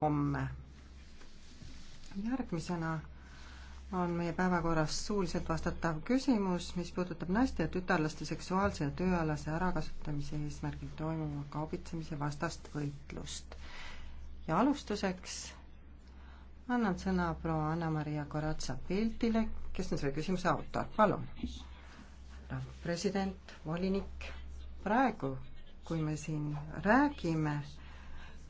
homme. järgmisena on meie päevakorras suuliselt vastatav küsimus, mis puudutab naiste ja tütarlaste seksuaalse ja tööalase ärakasutamise eesmärgil toimuva kaubitsemise vastast võitlust. ja alustuseks annan sõna proua Anna-Maria Koratsa Piltile, kes on selle küsimuse autor, palun. president, volinik, praegu, kui me siin räägime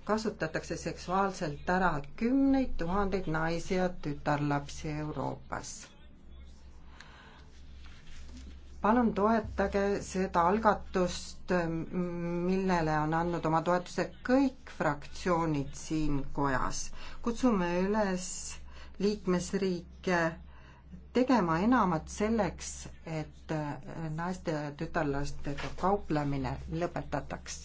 kasutatakse seksuaalselt ära kümneid tuhandeid naisi ja tütarlapsi Euroopas. palun toetage seda algatust, millele on andnud oma toetuse kõik fraktsioonid siin kojas. kutsume üles liikmesriike tegema enamat selleks, et naiste ja tütarlastega kauplemine lõpetataks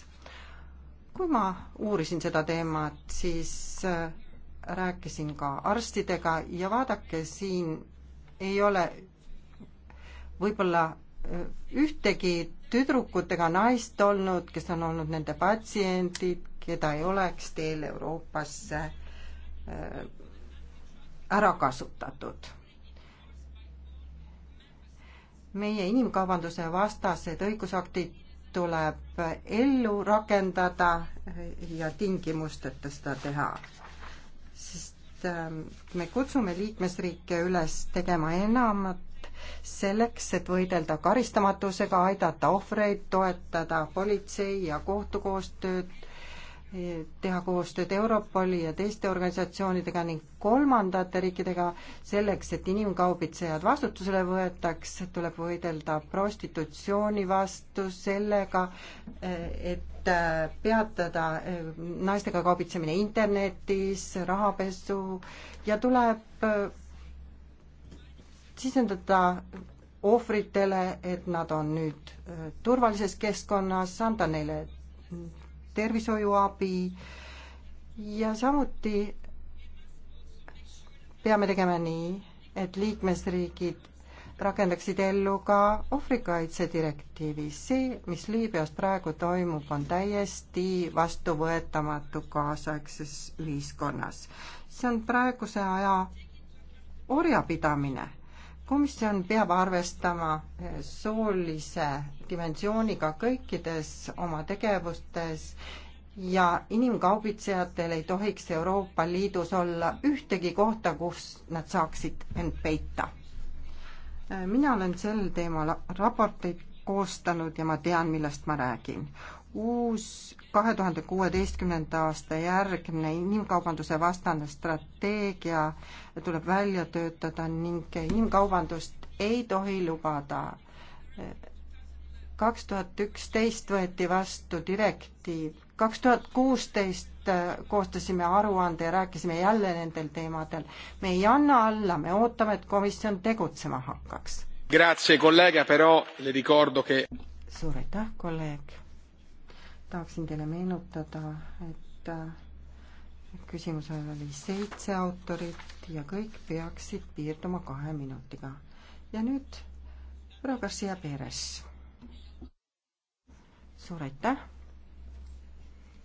kui ma uurisin seda teemat, siis äh, rääkisin ka arstidega ja vaadake, siin ei ole võib-olla äh, ühtegi tüdrukut ega naist olnud, kes on olnud nende patsiendid, keda ei oleks teel Euroopasse äh, ära kasutatud. meie inimkaubanduse vastased õigusaktid tuleb ellu rakendada ja tingimusteta seda teha. sest ähm, me kutsume liikmesriike üles tegema enamat selleks, et võidelda karistamatusega, aidata ohvreid, toetada politsei ja kohtu koostööd teha koostööd Europoli ja teiste organisatsioonidega ning kolmandate riikidega selleks, et inimkaubitsejad vastutusele võetaks, tuleb võidelda prostitutsiooni vastu sellega, et peatada äh, naistega kaubitsemine internetis, rahapesu ja tuleb äh, sisendada ohvritele, et nad on nüüd äh, turvalises keskkonnas, anda neile tervishoiuabi ja samuti peame tegema nii, et liikmesriigid rakendaksid ellu ka ohvrikaitse direktiivi. see, mis Liibüas praegu toimub, on täiesti vastuvõetamatu kaasaegses ühiskonnas. see on praeguse aja orjapidamine komisjon peab arvestama eh, soolise dimensiooniga kõikides oma tegevustes ja inimkaubitsejatel ei tohiks Euroopa Liidus olla ühtegi kohta, kus nad saaksid end peita. Eh, mina olen sel teemal raporteid koostanud ja ma tean, millest ma räägin. uus kahe tuhande kuueteistkümnenda aasta järgne inimkaubanduse vastane strateegia tuleb välja töötada ning inimkaubandust ei tohi lubada. kaks tuhat üksteist võeti vastu direktiiv, kaks tuhat kuusteist koostasime aruande ja rääkisime jälle nendel teemadel. me ei anna alla, me ootame, et komisjon tegutsema hakkaks. suur aitäh, kolleeg tahaksin teile meenutada, et äh, küsimusel oli seitse autorit ja kõik peaksid piirduma kahe minutiga. ja nüüd proua Garcia Perez. suur aitäh!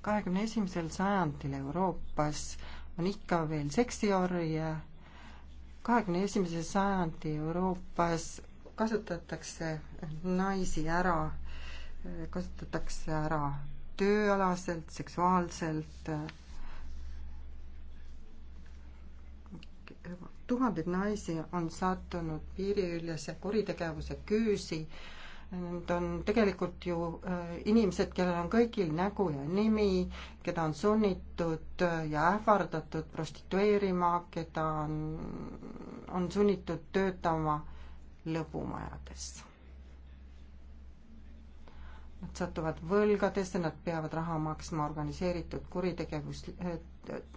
kahekümne esimesel sajandil Euroopas on ikka veel seksiorje, kahekümne esimese sajandi Euroopas kasutatakse naisi ära, kasutatakse ära tööalaselt, seksuaalselt. Äh, tuhandeid naisi on sattunud piiriülese kuritegevuse küüsi. Need on tegelikult ju äh, inimesed, kellel on kõigil nägu ja nimi, keda on sunnitud äh, ja ähvardatud prostitueerima, keda on, on sunnitud töötama lõbumajades Nad satuvad võlgadesse, nad peavad raha maksma organiseeritud kuritegevus, eh,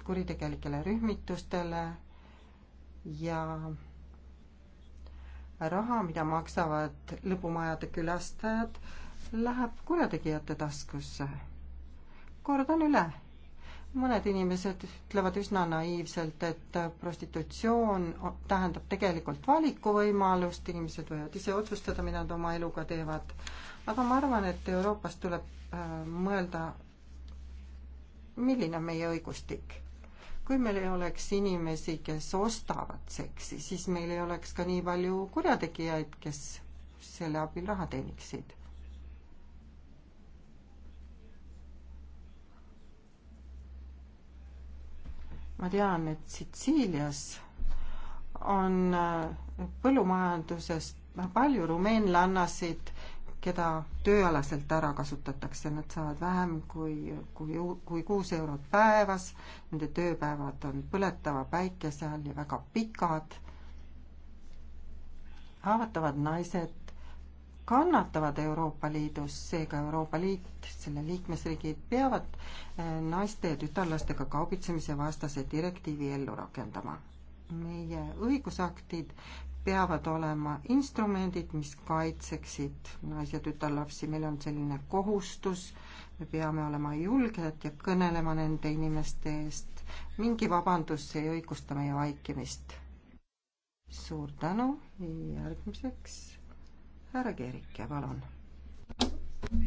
kuritegelikele rühmitustele ja raha, mida maksavad lõbumajade külastajad, läheb kurjategijate taskusse. kordan üle mõned inimesed ütlevad üsna naiivselt, et prostitutsioon tähendab tegelikult valikuvõimalust, inimesed võivad ise otsustada, mida nad oma eluga teevad. aga ma arvan, et Euroopas tuleb äh, mõelda, milline on meie õigustik. kui meil ei oleks inimesi, kes ostavad seksi, siis meil ei oleks ka nii palju kurjategijaid, kes selle abil raha teeniksid ma tean, et Sitsiilias on äh, põllumajanduses palju rumeenlannasid, keda tööalaselt ära kasutatakse, nad saavad vähem kui, kui, kui kuus eurot päevas, nende tööpäevad on põletava päikese all ja väga pikad. haavatavad naised kannatavad Euroopa Liidus, seega Euroopa Liit, selle liikmesriigid peavad äh, naiste ja tütarlastega kaubitsemise vastase direktiivi ellu rakendama. meie õigusaktid peavad olema instrumendid, mis kaitseksid naisi ja tütarlapsi, meil on selline kohustus, me peame olema julged ja kõnelema nende inimeste eest. mingi vabandus ei õigusta meie vaikimist. suur tänu, järgmiseks härra Kerike, palun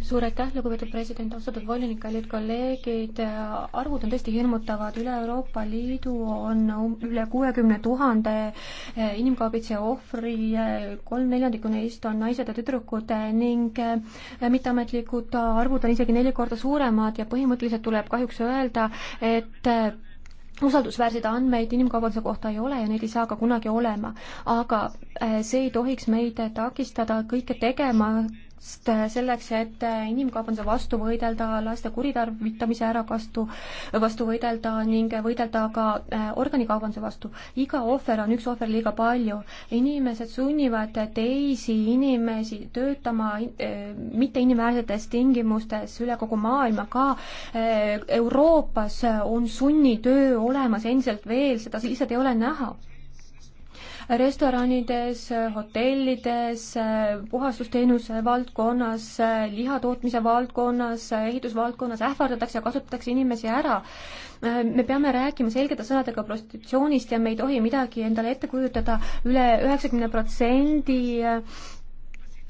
suur aitäh, lugupeetud president, austatud volinik, kallid kolleegid, arvud on tõesti hirmutavad, üle Euroopa Liidu on um-, üle kuuekümne tuhande eh, inimkaubitse ohvri, eh, kolm neljandikku neist on naised ja tüdrukud eh, ning mitteametlikud arvud on isegi neli korda suuremad ja põhimõtteliselt tuleb kahjuks öelda, et usaldusväärseid andmeid inimkaubanduse kohta ei ole ja neid ei saa ka kunagi olema. aga äh, see ei tohiks meid takistada kõike tegema, selleks, et inimkaubanduse vastu võidelda, laste kuritarvitamise ärakastu vastu võidelda ning võidelda ka äh, organikaubanduse vastu. iga ohver on üks ohver liiga palju. inimesed sunnivad teisi inimesi töötama äh, mitteinimväärsetes tingimustes üle kogu maailma, ka äh, Euroopas on sunnitöö olemas endiselt veel, seda lihtsalt ei ole näha restoranides, hotellides, puhastusteenuse valdkonnas, lihatootmise valdkonnas, ehitusvaldkonnas ähvardatakse ja kasutatakse inimesi ära. me peame rääkima selgete sõnadega prostitutsioonist ja me ei tohi midagi endale ette kujutada üle üheksakümne protsendi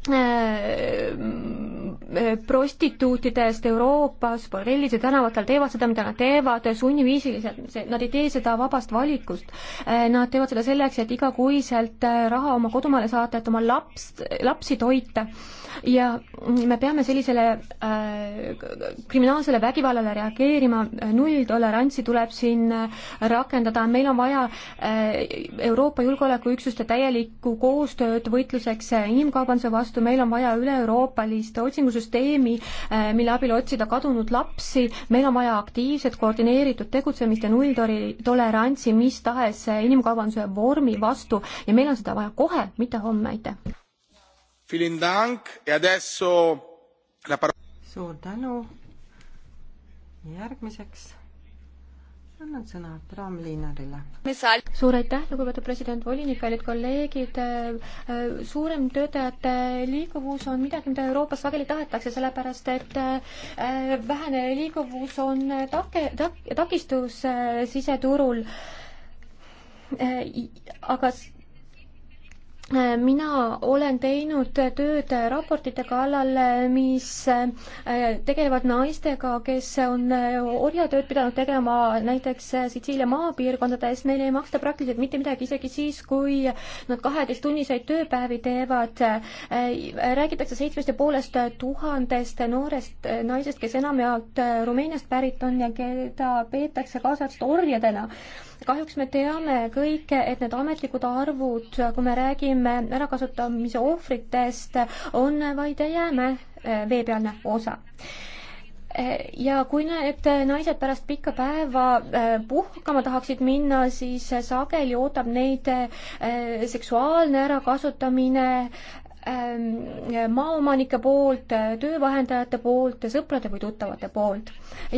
Äh, äh, prostituutidest Euroopas, borrellide tänavatel teevad seda, mida nad teevad, sunniviisiliselt, nad ei tee seda vabast valikust. Äh, nad teevad seda selleks, et igakuiselt raha oma kodumaale saata, et oma laps, lapsi toita ja me peame sellisele äh, kriminaalsele vägivallale reageerima, nulltolerantsi tuleb siin äh, rakendada, meil on vaja äh, Euroopa julgeolekuüksuste täielikku koostööd võitluseks äh, inimkaubanduse vastu, meil on vaja üle-euroopalist otsingusüsteemi äh,, mille abil otsida kadunud lapsi, meil on vaja aktiivset koordineeritud tegutsemist ja nulltolerantsi mis tahes äh, inimkaubanduse vormi vastu ja meil on seda vaja kohe, mitte homme, aitäh! E suur tänu. järgmiseks annan sõna Bram Liinarile. suur aitäh, lugupeetud president, volinik, kallid kolleegid. Äh, äh, suurem töötajate liikuvus on midagi, mida Euroopas sageli tahetakse, sellepärast et äh, vähene liikuvus on take, tak-, takistus siseturul. aga mina olen teinud tööd raportite kallal, mis äh, tegelevad naistega, kes on äh, orjatööd pidanud tegema näiteks äh, Sitsiilia maapiirkondades, neile ei maksta praktiliselt mitte midagi, isegi siis, kui nad kaheteisttunniseid tööpäevi teevad. räägitakse seitsmest ja poolest tuhandest noorest naisest, kes enamjaolt Rumeeniast pärit on ja keda peetakse kaasa arvatud orjadena kahjuks me teame kõik, et need ametlikud arvud, kui me räägime ärakasutamise ohvritest, on vaid jäämäe eh, veepealne osa eh, ja kui need naised pärast pikka päeva eh, puhkama tahaksid minna, siis sageli ootab neid seksuaalne ärakasutamine, Ähm, maaomanike poolt, töövahendajate poolt, sõprade või tuttavate poolt.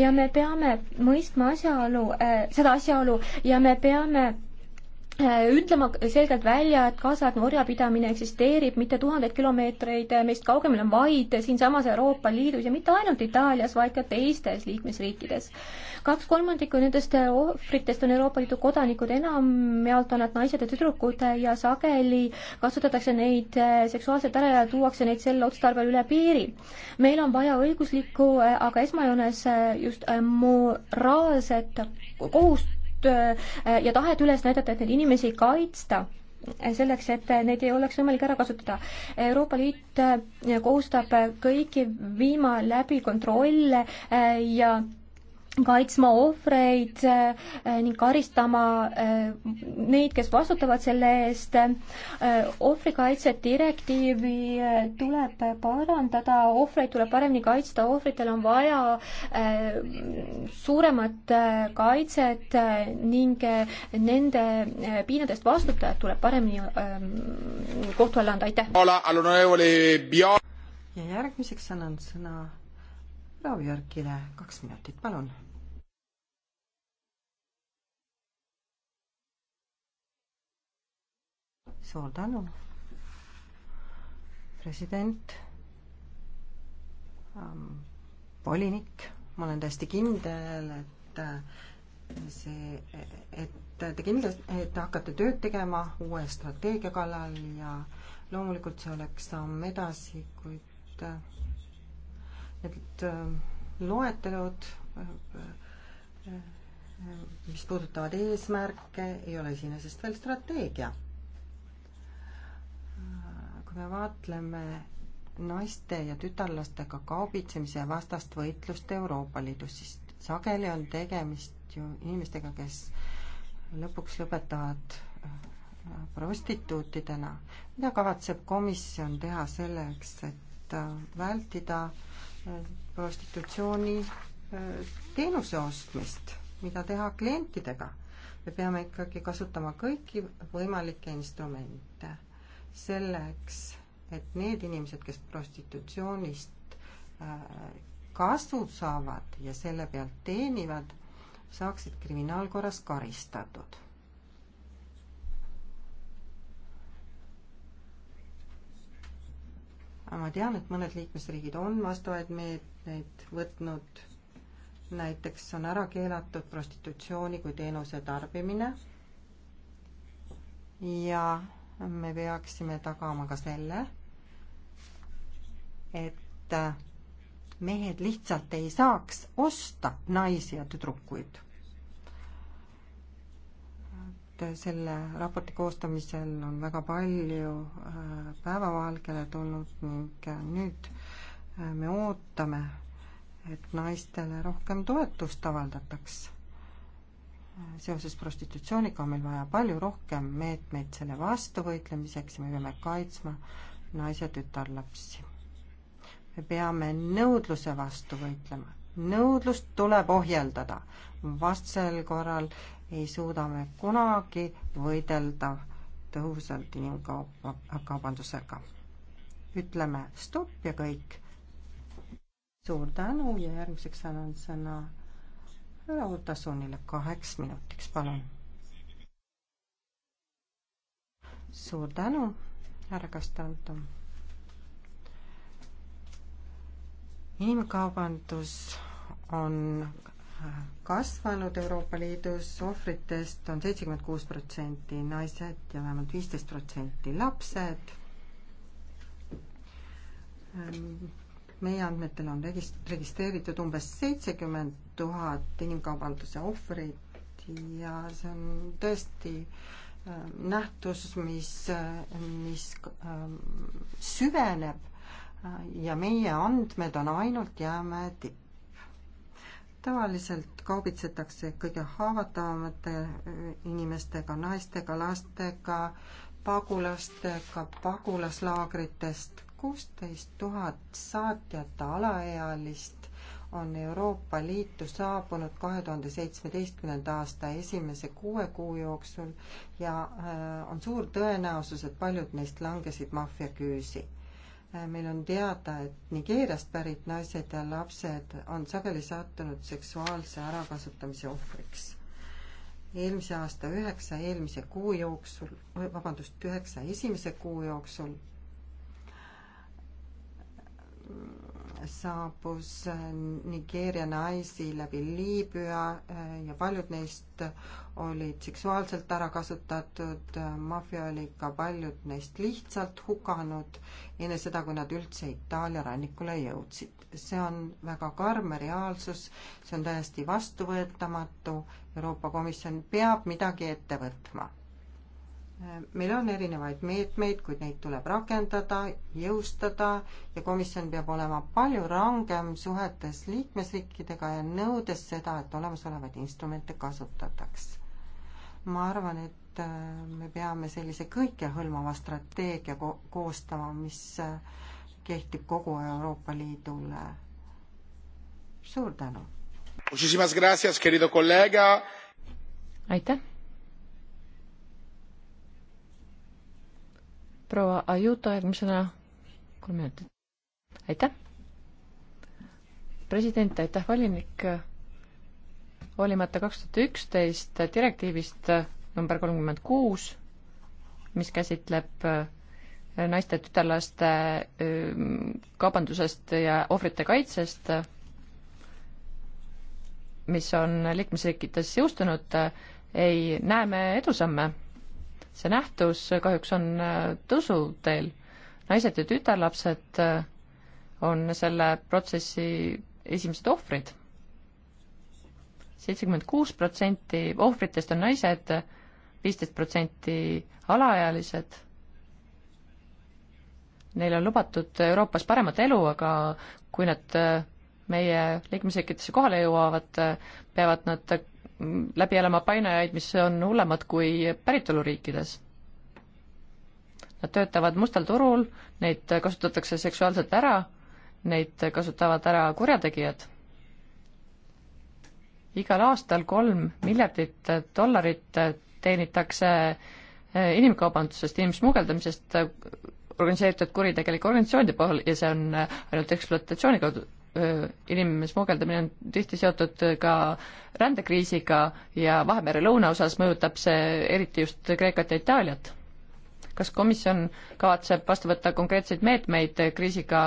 ja me peame mõistma asjaolu, äh, seda asjaolu ja me peame Äh, ütlema selgelt välja, et kaasaegne orjapidamine eksisteerib mitte tuhandeid kilomeetreid äh, meist kaugemal, vaid siinsamas Euroopa Liidus ja mitte ainult Itaalias, vaid ka teistes liikmesriikides. kaks kolmandikku nendest äh, ohvritest on Euroopa Liidu kodanikud, enamjaolt on nad naised ja tüdrukud ja sageli kasutatakse neid seksuaalselt ära ja tuuakse neid sel otstarbel üle piiri. meil on vaja õiguslikku, aga esmajoones just moraalset kohust, Äh, ja tahet üles näidata, et neid inimesi kaitsta äh, selleks, et äh, neid ei oleks võimalik ära kasutada. Euroopa Liit kohustab kõiki viima läbi kontrolle ja kaitsma ohvreid äh, ning karistama äh, neid, kes vastutavad selle eest. Äh, ohvrikaitse direktiivi tuleb parandada, ohvreid tuleb paremini kaitsta, ohvritel on vaja suuremat kaitset ning nende piinadest vastutajad tuleb paremini ähm, kohtu alla anda, aitäh! ja järgmiseks annan sõna Raul Jörgile, kaks minutit, palun suur tänu, president ähm,, volinik, ma olen täiesti kindel, et äh, see, et te kindlasti, te hakkate tööd tegema uue strateegia kallal ja loomulikult see oleks samm edasi, kuid äh, need äh, loetelud, mis puudutavad eesmärke, ei ole iseenesest veel strateegia kui me vaatleme naiste ja tütarlastega kaubitsemise vastast võitlust Euroopa Liidus, siis sageli on tegemist ju inimestega, kes lõpuks lõpetavad äh, prostituutidena. mida kavatseb komisjon teha selleks, et äh, vältida äh, prostitutsiooni teenuse ostmist, mida teha klientidega? me peame ikkagi kasutama kõiki võimalikke instrumente selleks, et need inimesed, kes prostitutsioonist äh, kasu saavad ja selle pealt teenivad, saaksid kriminaalkorras karistatud. aga ma tean, et mõned liikmesriigid on vastavaid meetmeid võtnud. näiteks on ära keelatud prostitutsiooni kui teenuse tarbimine ja me peaksime tagama ka selle, et mehed lihtsalt ei saaks osta naisi ja tüdrukuid. et selle raporti koostamisel on väga palju äh, päevavalgele tulnud ning äh, nüüd äh, me ootame, et naistele rohkem toetust avaldataks seoses prostitutsiooniga on meil vaja palju rohkem meetmeid selle vastu võitlemiseks ja me peame kaitsma naisi ja tütarlapsi. me peame nõudluse vastu võitlema, nõudlust tuleb ohjeldada, vastasel korral ei suuda me kunagi võidelda tõhusalt inimkaubandusega. ütleme stopp ja kõik. suur tänu ja järgmiseks annan sõna härra Otasonile kaheks minutiks, palun. suur tänu, härra Kastanto. inimkaubandus on äh, kasvanud Euroopa Liidus, ohvritest on seitsekümmend kuus protsenti naised ja vähemalt viisteist protsenti lapsed ähm, meie andmetel on regist-, registreeritud umbes seitsekümmend tuhat inimkaubanduse ohvrit ja see on tõesti äh, nähtus, mis, äh, mis äh, süveneb ja meie andmed on ainult jäämäe tipp. tavaliselt kaubitsetakse kõige haavatavamate inimestega, naistega, lastega, pagulastega pagulaslaagritest kuusteist tuhat saatjata alaealist on Euroopa Liitu saabunud kahe tuhande seitsmeteistkümnenda aasta esimese kuue kuu jooksul ja äh, on suur tõenäosus, et paljud neist langesid maffiaküüsi. Äh, meil on teada, et Nigeeriast pärit naised ja lapsed on sageli sattunud seksuaalse ärakasutamise ohvriks. eelmise aasta üheksa eelmise kuu jooksul, vabandust, üheksa esimese kuu jooksul saabus äh, Nigeeria naisi läbi Liibüa äh, ja paljud neist olid seksuaalselt ära kasutatud, äh, maffia oli ka paljud neist lihtsalt hukanud enne seda, kui nad üldse Itaalia rannikule jõudsid. see on väga karm reaalsus, see on täiesti vastuvõetamatu, Euroopa Komisjon peab midagi ette võtma meil on erinevaid meetmeid, kuid neid tuleb rakendada, jõustada ja komisjon peab olema palju rangem suhetes liikmesriikidega ja nõudes seda, et olemasolevaid instrumente kasutataks. ma arvan, et äh, me peame sellise kõikehõlmava strateegia ko koostama, mis äh, kehtib kogu Euroopa Liidule. suur tänu! aitäh! proua Ajuto järgmisena kolm minutit. aitäh. president, aitäh, volinik. hoolimata kaks tuhat üksteist direktiivist number kolmkümmend kuus, mis käsitleb äh, naiste, tütarlaste äh, kaubandusest ja ohvrite kaitsest, mis on liikmesriikides jõustunud, äh, ei näe me edusamme see nähtus kahjuks on äh, tõusuteel. naised ja tütarlapsed äh, on selle protsessi esimesed ohvrid. seitsekümmend kuus protsenti ohvritest on naised, viisteist protsenti alaealised. Neil on lubatud Euroopas paremat elu, aga kui nad äh, meie liikmesriikidesse kohale jõuavad, peavad nad läbi elama painajaid, mis on hullemad kui päritoluriikides. Nad töötavad mustal turul, neid kasutatakse seksuaalselt ära, neid kasutavad ära kurjategijad. igal aastal kolm miljardit dollarit teenitakse eh, inimkaubandusest, inimsmugeldamisest organiseeritud kuritegelike organisatsioonide puhul ja see on eh, ainult ekspluatatsiooni kaudu Äh, inimene smugeldamine on tihti seotud äh, ka rändekriisiga ja Vahemere lõunaosas mõjutab see eriti just Kreekat ja Itaaliat. kas komisjon kavatseb vastu võtta konkreetseid meetmeid kriisiga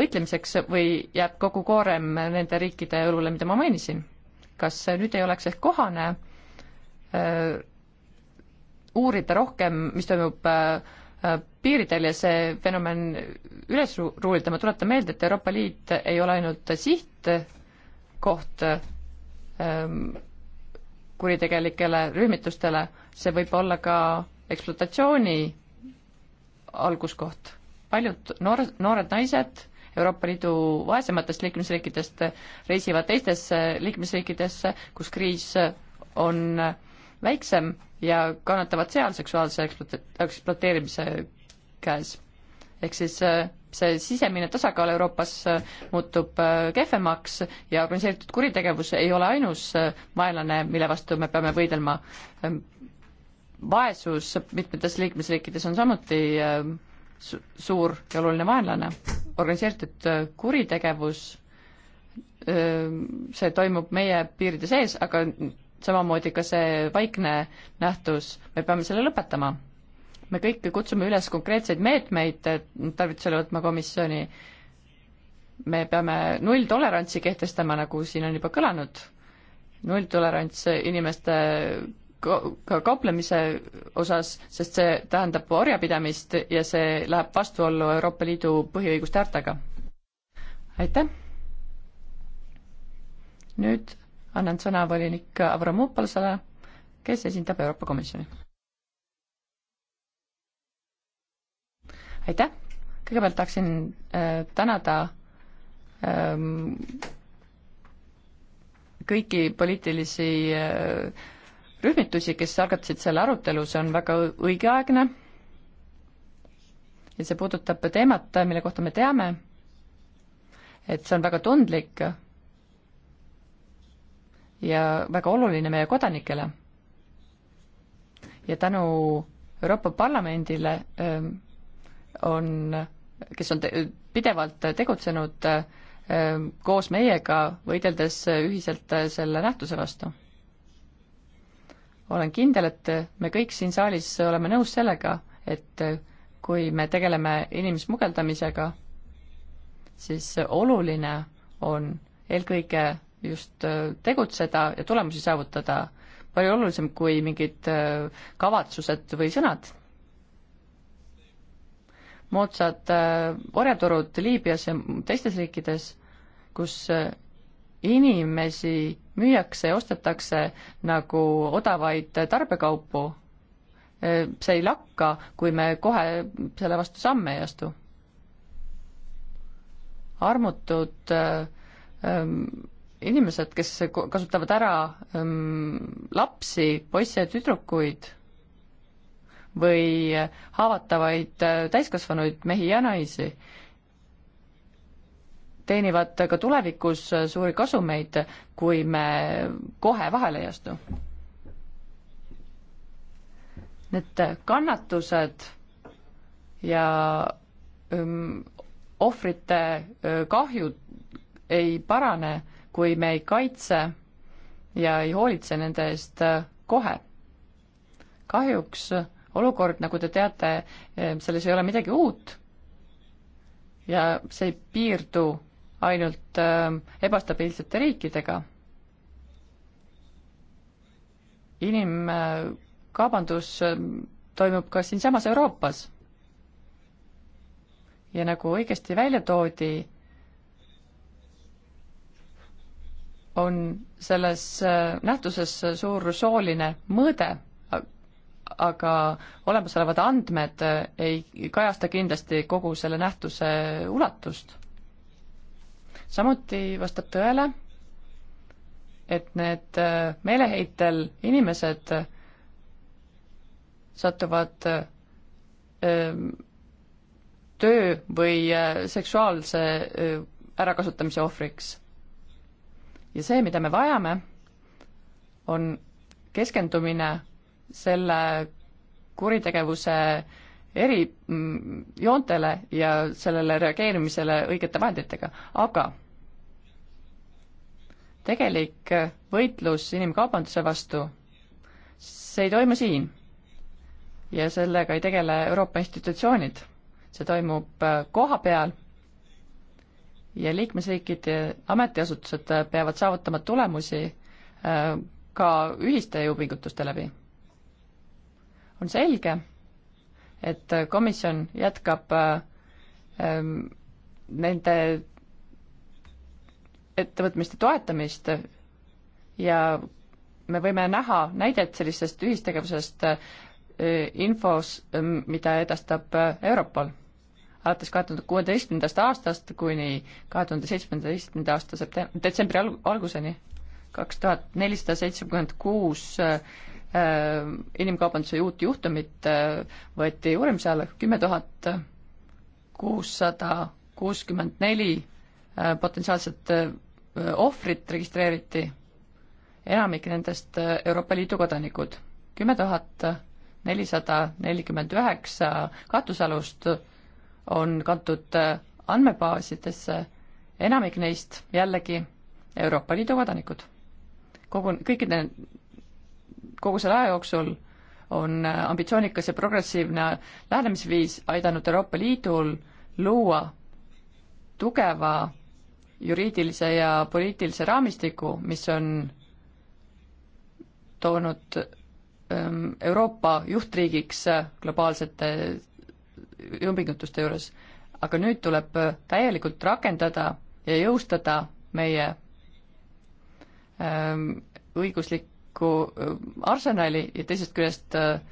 võitlemiseks või jääb kogu koorem nende riikide õlule, mida ma mainisin? kas nüüd ei oleks ehk kohane öö, äh, uurida rohkem, mis toimub öö, Äh, piiridel ja see fenomen üles ruulida, ma tuletan meelde, et Euroopa Liit ei ole ainult sihtkoht ähm, kuritegelikele rühmitustele, see võib olla ka ekspluatatsiooni alguskoht. paljud noor, noored naised Euroopa Liidu vaesematest liikmesriikidest reisivad teistesse liikmesriikidesse, kus kriis on väiksem ja kannatavad seal seksuaalse ekspluateerimise käes. ehk siis äh, see sisemine tasakaal Euroopas äh, muutub äh, kehvemaks ja organiseeritud kuritegevus ei ole ainus vaenlane, mille vastu me peame võidelma. Ähm, vaesus mitmetes liikmesriikides on samuti suur ja oluline vaenlane. organiseeritud kuritegevus see toimub meie piiride sees, aga samamoodi ka see vaikne nähtus, me peame selle lõpetama. me kõik kutsume üles konkreetseid meetmeid tarvitusele võtma komisjoni, me peame nulltolerantsi kehtestama, nagu siin on juba kõlanud, nulltolerants inimeste ka kauplemise osas, sest see tähendab orjapidamist ja see läheb vastuollu Euroopa Liidu põhiõiguste hartaga. aitäh! nüüd annan sõna volinik Avramopolsele, kes esindab Euroopa Komisjoni. aitäh, kõigepealt tahaksin äh, tänada ähm, kõiki poliitilisi äh, rühmitusi, kes algatasid selle arutelu, see on väga õigeaegne ja see puudutab teemat, mille kohta me teame, et see on väga tundlik ja väga oluline meie kodanikele. ja tänu Euroopa Parlamendile ähm, on, kes on te pidevalt tegutsenud ähm, koos meiega, võideldes ühiselt selle nähtuse vastu. olen kindel, et me kõik siin saalis oleme nõus sellega, et kui me tegeleme inimsmugeldamisega, siis oluline on eelkõige just äh, tegutseda ja tulemusi saavutada, palju olulisem kui mingid äh, kavatsused või sõnad. moodsad äh, orjaturud Liibüas ja teistes riikides, kus inimesi müüakse ja ostetakse nagu odavaid tarbekaupu, see ei lakka, kui me kohe selle vastu samme ei astu. armutud ähm, inimesed, kes kasutavad ära ähm, lapsi, poisse ja tüdrukuid või haavatavaid äh, täiskasvanuid mehi ja naisi, teenivad ka tulevikus äh, suuri kasumeid, kui me kohe vahele ei astu. Need äh, kannatused ja öö, ähm, ohvrite öö, äh, kahjud ei parane öö, kui me ei kaitse ja ei hoolitse nende eest äh, kohe. kahjuks olukord, nagu te teate, äh, selles ei ole midagi uut ja see ei piirdu ainult äh, ebastabiilsete riikidega. inimkaubandus toimub ka siinsamas Euroopas. ja nagu õigesti välja toodi, on selles äh, nähtuses suur sooline mõõde, aga olemasolevad andmed äh, ei kajasta kindlasti kogu selle nähtuse ulatust. samuti vastab tõele, et need äh, meeleheitel inimesed satuvad ähm, töö või seksuaalse ärakasutamise ohvriks ja see, mida me vajame, on keskendumine selle kuritegevuse eri mm, joontele ja sellele reageerimisele õigete vahenditega, aga tegelik võitlus inimkaubanduse vastu, see ei toimu siin. ja sellega ei tegele Euroopa institutsioonid. see toimub äh, koha peal ja liikmesriikide ametiasutused äh, peavad saavutama tulemusi äh, ka ühiste jõupingutuste läbi. on selge, et äh, komisjon jätkab ähm, nende ettevõtmiste toetamist ja me võime näha näidet sellisest ühistegevusest infos, mida edastab Europol alates kahe tuhande kuueteistkümnendast aastast kuni kahe tuhande seitsmeteistkümnenda aasta septem-, detsembri alg-, alguseni, kaks tuhat nelisada seitsekümmend kuus äh, inimkaubanduse uut juhtumit äh, võeti uurimise alla kümme tuhat kuussada kuuskümmend neli äh, potentsiaalset ohvrit registreeriti, enamik nendest Euroopa Liidu kodanikud. kümme tuhat nelisada nelikümmend üheksa katusalust on kantud äh, andmebaasidesse, enamik neist jällegi Euroopa Liidu kodanikud. kogu, kõikide, kogu selle aja jooksul on äh, ambitsioonikas ja progressiivne lähenemisviis aidanud Euroopa Liidul luua tugeva juriidilise ja poliitilise raamistiku, mis on toonud ähm, Euroopa juhtriigiks äh, globaalsete jõupingutuste juures. aga nüüd tuleb äh, täielikult rakendada ja jõustada meie ähm, õiguslikku äh, arsenali ja teisest küljest äh,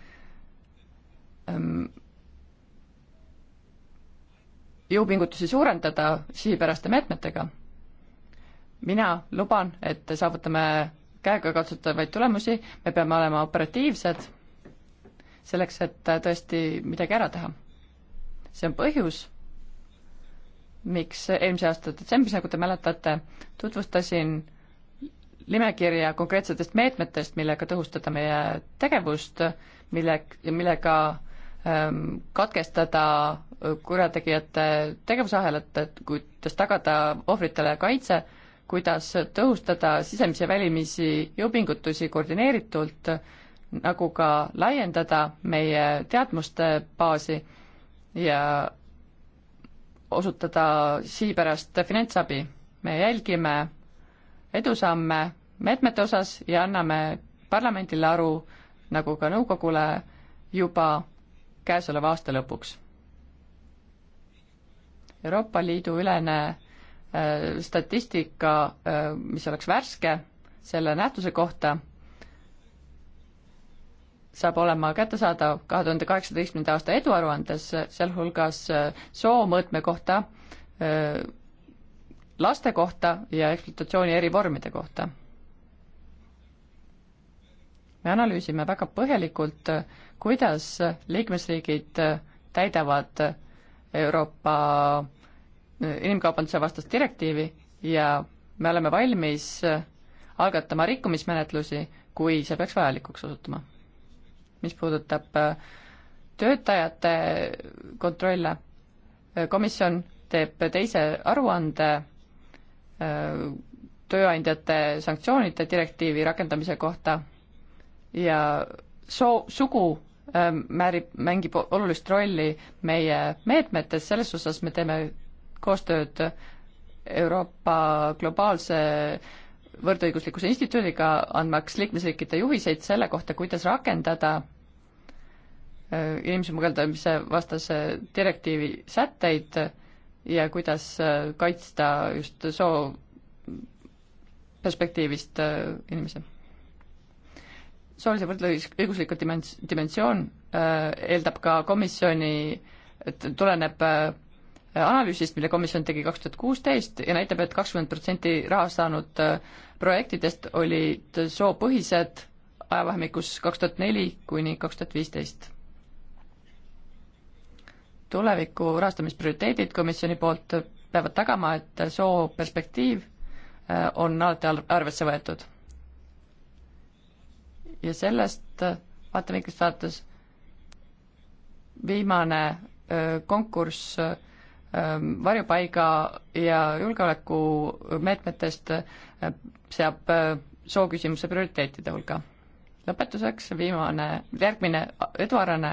ähm, jõupingutusi suurendada sihipäraste meetmetega. mina luban, et saavutame käegakatsutavaid tulemusi, me peame olema operatiivsed selleks, et tõesti midagi ära teha see on põhjus, miks eelmise aasta detsembris, nagu te mäletate, tutvustasin nimekirja konkreetsetest meetmetest, millega tõhustada meie tegevust, mille, millega ähm, katkestada kurjategijate tegevusahelat, et kuidas tagada ohvritele kaitse, kuidas tõhustada sisemisi ja välimisi jõupingutusi koordineeritult, nagu ka laiendada meie teadmuste baasi ja osutada siipärast finantsabi. me jälgime edusamme meetmete osas ja anname parlamendile aru, nagu ka nõukogule, juba käesoleva aasta lõpuks. Euroopa Liidu ülene äh, statistika, äh, mis oleks värske selle nähtuse kohta saab olema kättesaadav kahe tuhande kaheksateistkümnenda aasta eduaruandes, sealhulgas äh, soomõõtme kohta, äh, laste kohta ja ekspluatatsiooni erivormide kohta. me analüüsime väga põhjalikult, äh, kuidas liikmesriigid täidavad Euroopa inimkaubanduse vastast direktiivi ja me oleme valmis algatama rikkumismenetlusi, kui see peaks vajalikuks osutuma mis puudutab äh, töötajate kontrolle. Äh, komisjon teeb teise aruande äh, tööandjate sanktsioonide direktiivi rakendamise kohta ja soo, sugu määrib, mängib olulist rolli meie meetmetes, selles osas me teeme koostööd Euroopa globaalse võrdõiguslikkuse instituudiga, andmaks liikmesriikide juhiseid selle kohta, kuidas rakendada äh, inimese mugeldamise vastase direktiivi sätteid ja kuidas äh, kaitsta just soo perspektiivist äh, inimesi. soolise võrdõigusliku dimens-, dimensioon eeldab ka komisjoni, et tuleneb analüüsist, mille komisjon tegi kaks tuhat kuusteist ja näitab et, et kakskümmend protsenti raha saanud äh, projektidest olid soopõhised ajavahemikus kaks tuhat neli kuni kaks tuhat viisteist. tuleviku rahastamisprioriteedid komisjoni poolt peavad tagama, et soo perspektiiv äh, on alati arvesse võetud. ja sellest äh, vaatemikust vaates viimane konkurss Ähm, varjupaiga ja julgeolekumeetmetest äh, seab äh, sooküsimuse prioriteetide hulka. lõpetuseks viimane, järgmine eduarane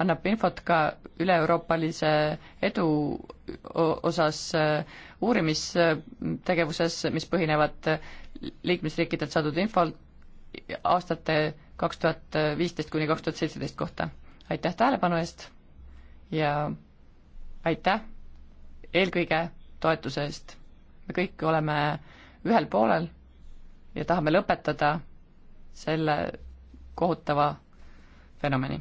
annab infot ka üle-euroopalise edu osas äh, uurimistegevuses, mis põhinevad liikmesriikidelt saadud infol aastate kaks tuhat viisteist kuni kaks tuhat seitseteist kohta. aitäh tähelepanu eest ja aitäh eelkõige toetuse eest. me kõik oleme ühel poolel ja tahame lõpetada selle kohutava fenomeni.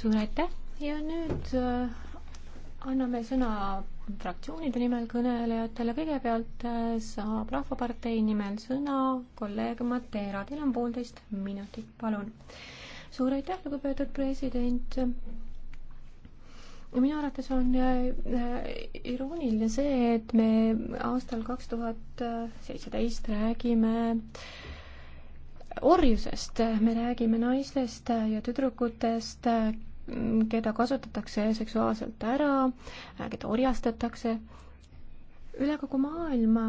suur aitäh ja nüüd äh, anname sõna fraktsioonide nimel kõnelejatele. kõigepealt äh, saab Rahvapartei nimel sõna kolleeg Matera, teil on poolteist minutit, palun. suur aitäh, lugupeetud president ja minu arvates on äh, irooniline see, et me aastal kaks tuhat seitseteist räägime orjusest, me räägime naistest ja tüdrukutest, keda kasutatakse seksuaalselt ära, keda orjastatakse. üle kogu maailma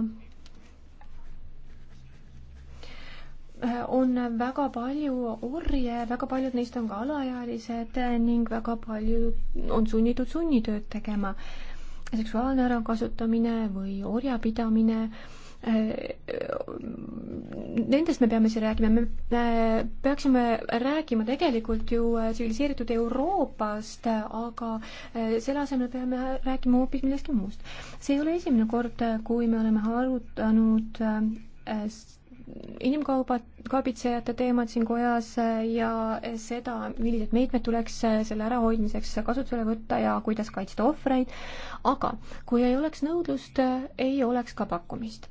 on väga palju orje, väga paljud neist on ka alaealised ning väga paljud on sunnitud sunnitööd tegema. seksuaalne ärakasutamine või orjapidamine, äh, nendest me peame siin rääkima, me peaksime rääkima tegelikult ju tsiviliseeritud Euroopast, aga äh, selle asemel peame rääkima hoopis millestki muust. see ei ole esimene kord, kui me oleme arutanud äh, inimkauba, kaabitsejate teemat siin kojas ja seda, millised meetmed tuleks selle ärahoidmiseks kasutusele võtta ja kuidas kaitsta ohvreid, aga kui ei oleks nõudlust, ei oleks ka pakkumist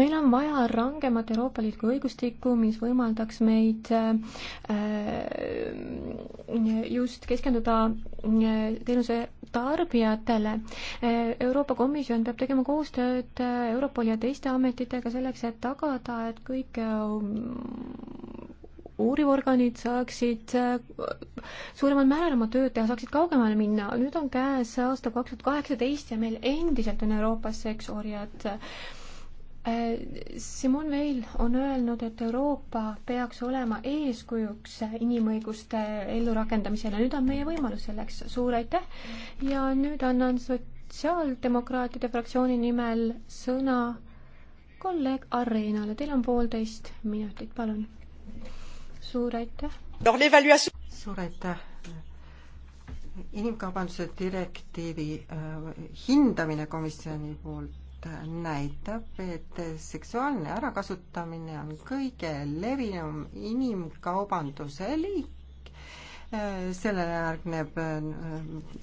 meil on vaja rangemat Euroopa Liidu õigustikku, mis võimaldaks meid äh, just keskenduda äh, teenuse tarbijatele. Äh, Euroopa Komisjon peab tegema koostööd Europoli ja teiste ametitega selleks, et tagada, et kõik uurivorganid saaksid suuremal määral oma tööd teha, saaksid kaugemale minna. nüüd on käes aasta kaks tuhat kaheksateist ja meil endiselt on Euroopas seksorjad Äh, Simone Veil on öelnud, et Euroopa peaks olema eeskujuks inimõiguste ellurakendamisel ja nüüd on meie võimalus selleks. suur aitäh ja nüüd annan sotsiaaldemokraatide fraktsiooni nimel sõna kolleeg Areenale, teil on poolteist minutit, palun. suur aitäh. suur aitäh inimkaubanduse direktiivi äh, hindamine komisjoni poolt näitab, et seksuaalne ärakasutamine on kõige levinum inimkaubanduse liik. sellele järgneb äh,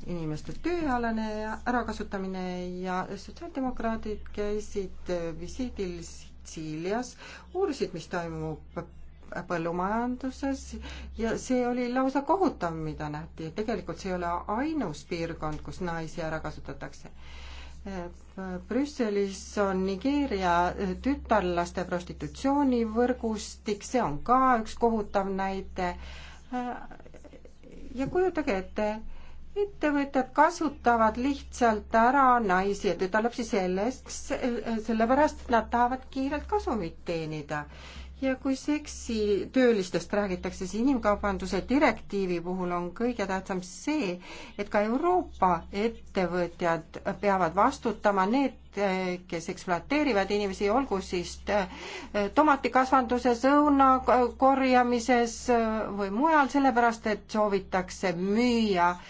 inimeste tööalane ärakasutamine ja sotsiaaldemokraadid käisid äh, visiidil Sitsiilias, uurisid, mis toimub põllumajanduses ja see oli lausa kohutav, mida nähti, et tegelikult see ei ole ainus piirkond, kus naisi ära kasutatakse. Brüsselis on Nigeeria tütarlaste prostitutsioonivõrgustik, see on ka üks kohutav näide. ja kujutage ette, ettevõtjad kasutavad lihtsalt ära naisi ja tütarlapsi selleks, sellepärast et nad tahavad kiirelt kasumit teenida ja kui seksitöölistest räägitakse, siis inimkaubanduse direktiivi puhul on kõige tähtsam see, et ka Euroopa ettevõtjad peavad vastutama, need, kes ekspluateerivad inimesi, olgu siis eh, tomatikasvanduses, õuna korjamises eh, või mujal, sellepärast et soovitakse müüa äh,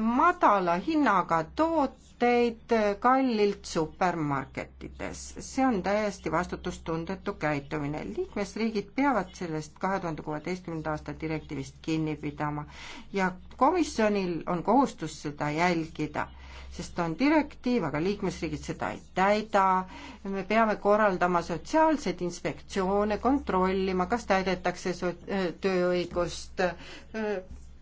madala hinnaga tooteid kallilt supermarketides. see on täiesti vastutustundetu käitumine. liikmesriigid peavad sellest kahe tuhande kuueteistkümnenda aasta direktiivist kinni pidama ja komisjonil on kohustus seda jälgida sest on direktiiv, aga liikmesriigid seda ei täida. me peame korraldama sotsiaalseid inspektsioone, kontrollima, kas täidetakse so-, tööõigust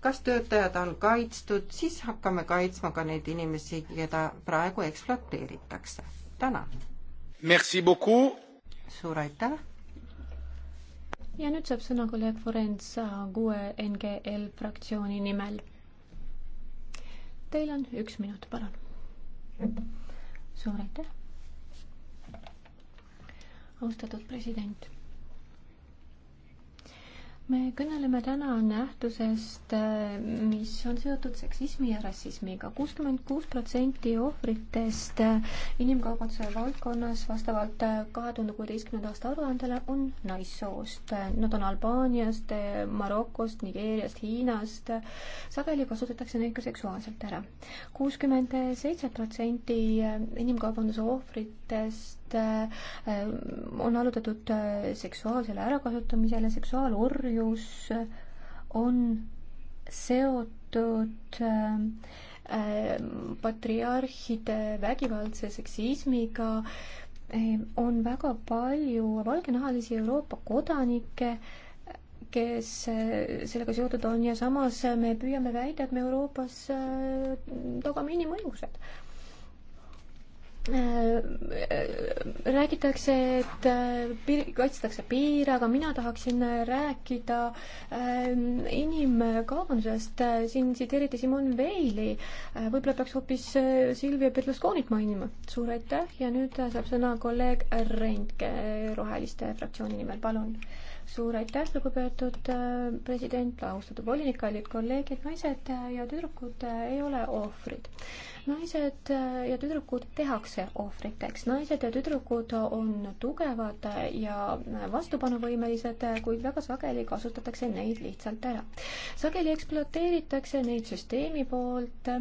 kas töötajad on kaitstud, siis hakkame kaitsma ka neid inimesi, keda praegu ekspluateeritakse. tänan! Merci beaucoup! suur aitäh! ja nüüd saab sõna kolleeg Forenza kuue NGL fraktsiooni nimel. Teil on üks minut, palun. suur aitäh! austatud president me kõneleme täna nähtusest, mis on seotud seksismi ja rassismiga. kuuskümmend kuus protsenti ohvritest inimkaubanduse valdkonnas vastavalt äh, kahe tuhande kuueteistkümnenda aasta aruandele on naissoost. Nad on Albaaniast, Marokost, Nigeeriast, Hiinast. sageli kasutatakse neid ka seksuaalselt ära. kuuskümmend seitse protsenti inimkaubanduse ohvritest et äh, on allutatud äh, seksuaalsele ärakasutamisele, seksuaalorjus äh, on seotud patriarhide vägivaldse seksismiga, on väga palju valgenahalisi Euroopa kodanikke, kes sellega seotud on ja samas me püüame väida, et me Euroopas tagame inimõigused Äh, äh, räägitakse, et äh, piir, kaitstakse piire, aga mina tahaksin rääkida inimkaubandusest. siin tsiteeriti Simone Veili, võib-olla peaks hoopis Silvia Berlusconit mainima. suur aitäh ja nüüd saab sõna kolleeg Rentke Roheliste fraktsiooni nimel, palun suur aitäh, lugupeetud äh, president, austatud volinik, kallid kolleegid, naised äh, ja tüdrukud äh, ei ole ohvrid. naised ja tüdrukud tehakse ohvriteks, naised ja tüdrukud on tugevad ja vastupanuvõimelised, kuid väga sageli kasutatakse neid lihtsalt ära. sageli ekspluateeritakse neid süsteemi poolt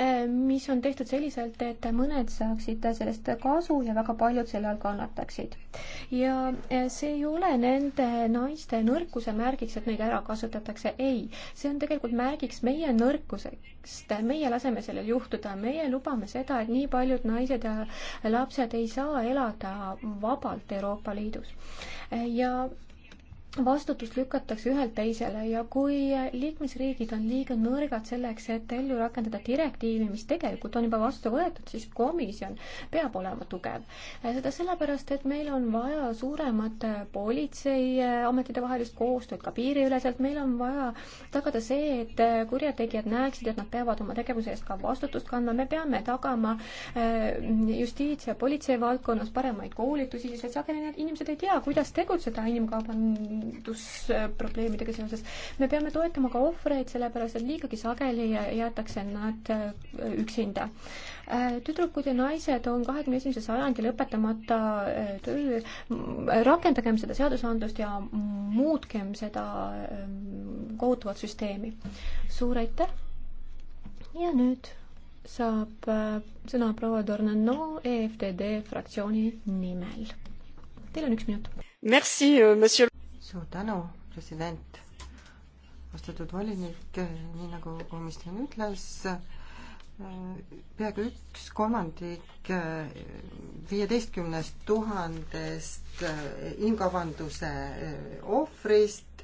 Äh, mis on tehtud selliselt, et mõned saaksid sellest kasu ja väga paljud selle all kannataksid. ja äh, see ei ole nende naiste nõrkuse märgiks, et neid ära kasutatakse, ei. see on tegelikult märgiks meie nõrkusest, meie laseme sellel juhtuda, meie lubame seda, et nii paljud naised ja lapsed ei saa elada vabalt Euroopa Liidus. Äh, ja vastutus lükatakse ühelt teisele ja kui liikmesriigid on liiga nõrgad selleks, et ellu rakendada direktiivi, mis tegelikult on juba vastu võetud, siis komisjon peab olema tugev. seda sellepärast, et meil on vaja suuremat politseiametite vahelist koostööd ka piiriüleselt, meil on vaja tagada see, et kurjategijad näeksid, et nad peavad oma tegevuse eest ka vastutust kandma, me peame tagama eh, justiits- ja politseivaldkonnas paremaid koolitusi, sest sageli need inimesed ei tea, kuidas tegutseda inimkaubanduse majandusprobleemidega seoses. me peame toetama ka ohvreid, sellepärast et liigagi sageli jäetakse nad äh, üksinda. Äh, tüdrukud ja naised on kahekümne esimese sajandi lõpetamata äh, töö, rakendagem seda seadusandlust ja muutkem seda ähm, kohutavat süsteemi. suur aitäh ja nüüd saab sõna proua Dornano EFTD fraktsiooni nimel. Teil on üks minut. Merci, euh, monsieur suur tänu, president. austatud volinik, nii nagu komisjon ütles, peaaegu üks kolmandik viieteistkümnest tuhandest inimkaubanduse eh, eh, ohvrist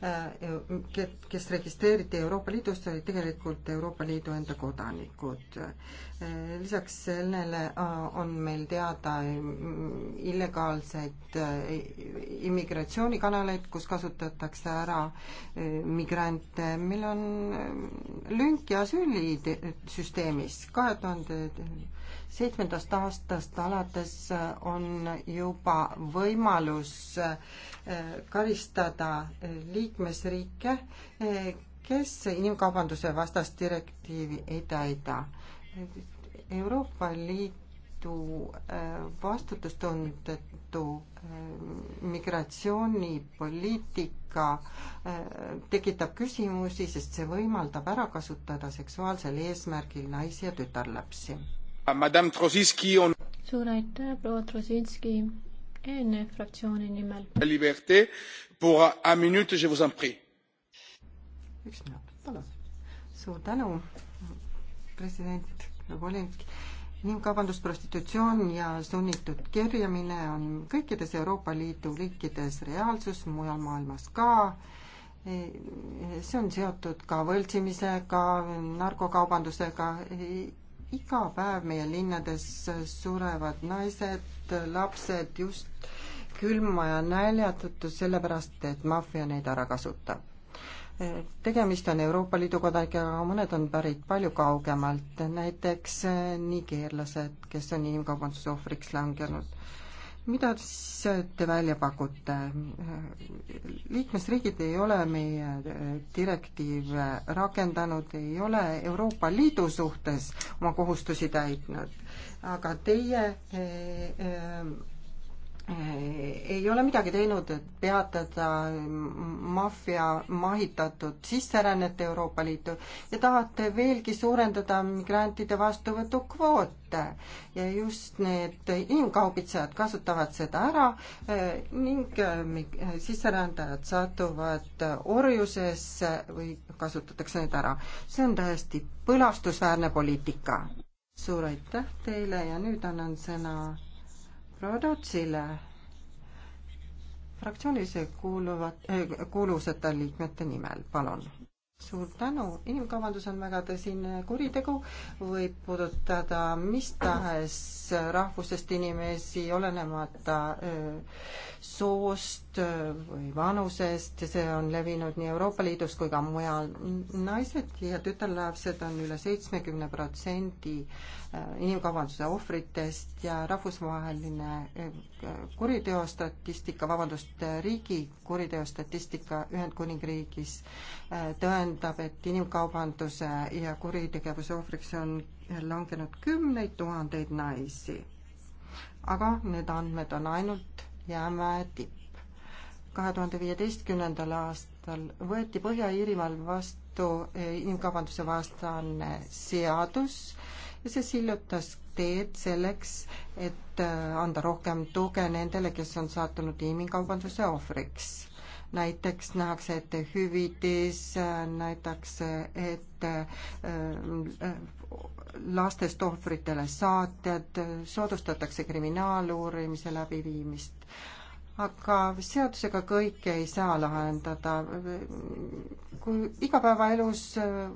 Äh, kes registreeriti Euroopa Liidust, olid tegelikult Euroopa Liidu enda kodanikud. Äh, lisaks sellele äh, on meil teada illegaalseid immigratsioonikanaleid, kus kasutatakse ära migrante, meil on lünk ja asüülisüsteemis kahe tuhande seitsmendast aastast alates äh, on juba võimalus äh, karistada äh, liikmesriike, kes inimkaubanduse vastast direktiivi ei täida. Euroopa Liidu vastutustundetu migratsioonipoliitika tekitab küsimusi, sest see võimaldab ära kasutada seksuaalsel eesmärgil naisi ja tütarlapsi On... suur aitäh, proua Trosinski, ENF fraktsiooni nimel. üks minut, palun. suur tänu, president, volinik inimkaubandus, prostitutsioon ja sunnitud kerjamine on kõikides Euroopa Liidu riikides reaalsus, mujal maailmas ka. E, see on seotud ka võltsimisega, narkokaubandusega e, iga päev meie linnades surevad naised, lapsed just külma ja nälja tõttu, sellepärast et maffia neid ära kasutab. tegemist on Euroopa Liidu kodanikega, aga mõned on pärit palju kaugemalt, näiteks nigeerlased, kes on inimkaubanduse ohvriks langenud mida siis te välja pakute? liikmesriigid ei ole meie direktiive rakendanud, ei ole Euroopa Liidu suhtes oma kohustusi täitnud, aga teie eh, eh, ei ole midagi teinud, et peatada maffia mahitatud sisserännet Euroopa Liitu ja tahate veelgi suurendada migrantide vastuvõtukvoote. ja just need inimkaubitsejad kasutavad seda ära eh, ning eh, sisserändajad satuvad orjusesse või kasutatakse neid ära. see on täiesti põlastusväärne poliitika. suur aitäh teile ja nüüd annan sõna proua Tootsile, fraktsioonilise kuuluvat äh,, kuulusate liikmete nimel, palun. suur tänu, inimkaubandus on väga tõsine kuritegu, võib puudutada mis tahes rahvusest inimesi, olenemata äh, soost, Äh, või vanusest ja see on levinud nii Euroopa Liidus kui ka mujal. naised ja tütarlapsed on üle seitsmekümne protsendi äh, inimkaubanduse ohvritest ja rahvusvaheline äh, kuriteostatistika, vabandust, riigi kuriteostatistika Ühendkuningriigis tõendab, et inimkaubanduse ja kuritegevuse ohvriks on langenud kümneid tuhandeid naisi. aga need andmed on ainult jäämäe tipp kahe tuhande viieteistkümnendal aastal võeti Põhja-Iirimaal vastu eh, inimkaubanduse vastane seadus ja see sillutas teed selleks, et eh, anda rohkem tuge nendele, kes on sattunud inimkaubanduse ohvriks. näiteks nähakse ette hüvitis, näitakse ette eh, lastest ohvritele saated, soodustatakse kriminaaluurimise läbiviimist aga seadusega kõike ei saa lahendada. kui igapäevaelus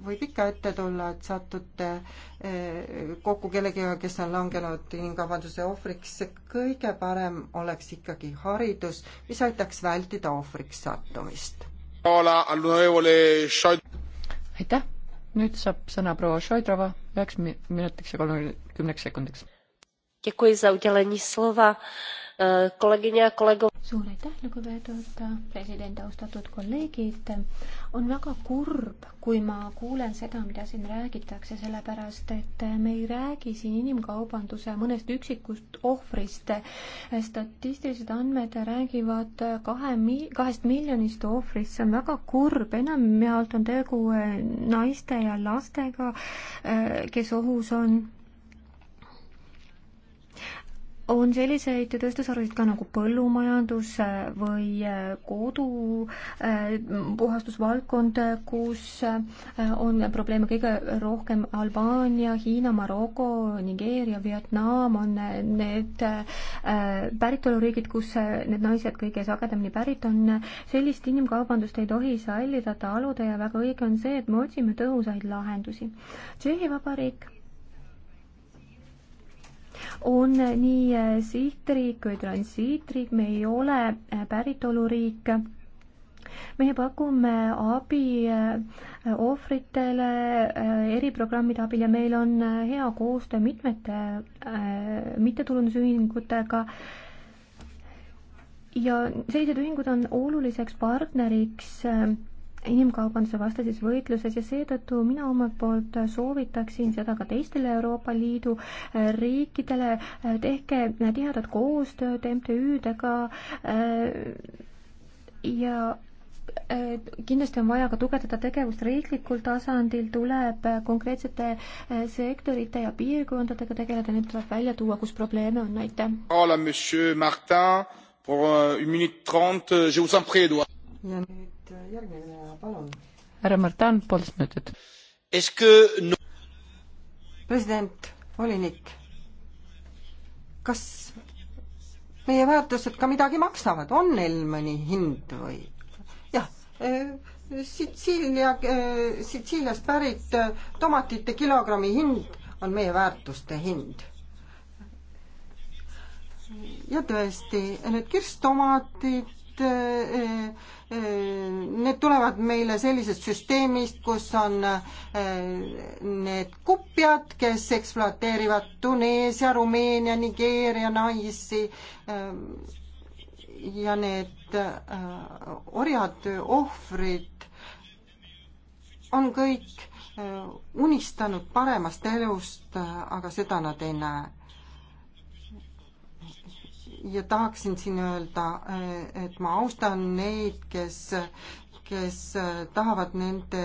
võib ikka ette tulla, et satute eh, kokku kellegiga, kes on langenud inimkaubanduse ohvriks, kõige parem oleks ikkagi haridus, mis aitaks vältida ohvriks sattumist. aitäh, nüüd saab sõna proua Šoidrova üheks minutiks ja kolmekümneks sekundiks. Děkuji za udělení slova kolegyně a kolego. suur aitäh, lugupeetud president, austatud kolleegid. on väga kurb, kui ma kuulen seda, mida siin räägitakse, sellepärast et me ei räägi siin inimkaubanduse mõnest üksikust ohvrist. statistilised andmed räägivad kahe mi-, kahest miljonist ohvrist, see on väga kurb, enamjaolt on tegu naiste ja lastega, kes ohus on on selliseid tööstusharusid ka nagu põllumajandus äh, või äh, kodupuhastusvaldkond, äh, kus on probleeme kõige rohkem Albaania, Hiina, Maroko, Nigeeria, Vietnam on need päritoluriigid, kus need naised kõige sagedamini pärit on. sellist inimkaubandust ei tohi sallida taluda ja väga õige on see, et me otsime tõhusaid lahendusi. Tšehhi Vabariik on nii eh, sihtriik kui transiitriik, me ei ole eh, päritoluriik meie pakume eh, abi ohvritele eriprogrammide abil ja meil on hea koostöö mitmete mittetulundusühingutega. ja sellised ühingud on oluliseks partneriks inimkaubanduse vastases võitluses ja seetõttu mina omalt poolt soovitaksin seda ka teistele Euroopa Liidu äh, riikidele, äh, tehke tihedat koostööd MTÜ-dega äh, ja kindlasti on vaja ka tugevdada tegevust riiklikul tasandil, tuleb konkreetsete sektorite ja piirkondadega tegeleda, need tuleb välja tuua, kus probleeme on, aitäh. Euh, ja nüüd nüüd järgmine kõneleja, palun. härra Martin, poolteist minutit. president, volinik, kas meie väärtused ka midagi maksavad, on neil mõni hind või? jah äh,, eh, Sitsiilia äh,, eh, Sitsiiliast pärit äh, tomatite kilogrammi hind on meie väärtuste hind ja tõesti, need kirstomaatid, Eh, eh, need tulevad meile sellisest süsteemist, kus on eh, need kupjad, kes ekspluateerivad Tuneesia, Rumeenia, Nigeeria naisi ja need orjatöö ohvrid on kõik unistanud paremast elust, aga seda nad ei näe ja tahaksin siin öelda, et ma austan neid, kes, kes tahavad nende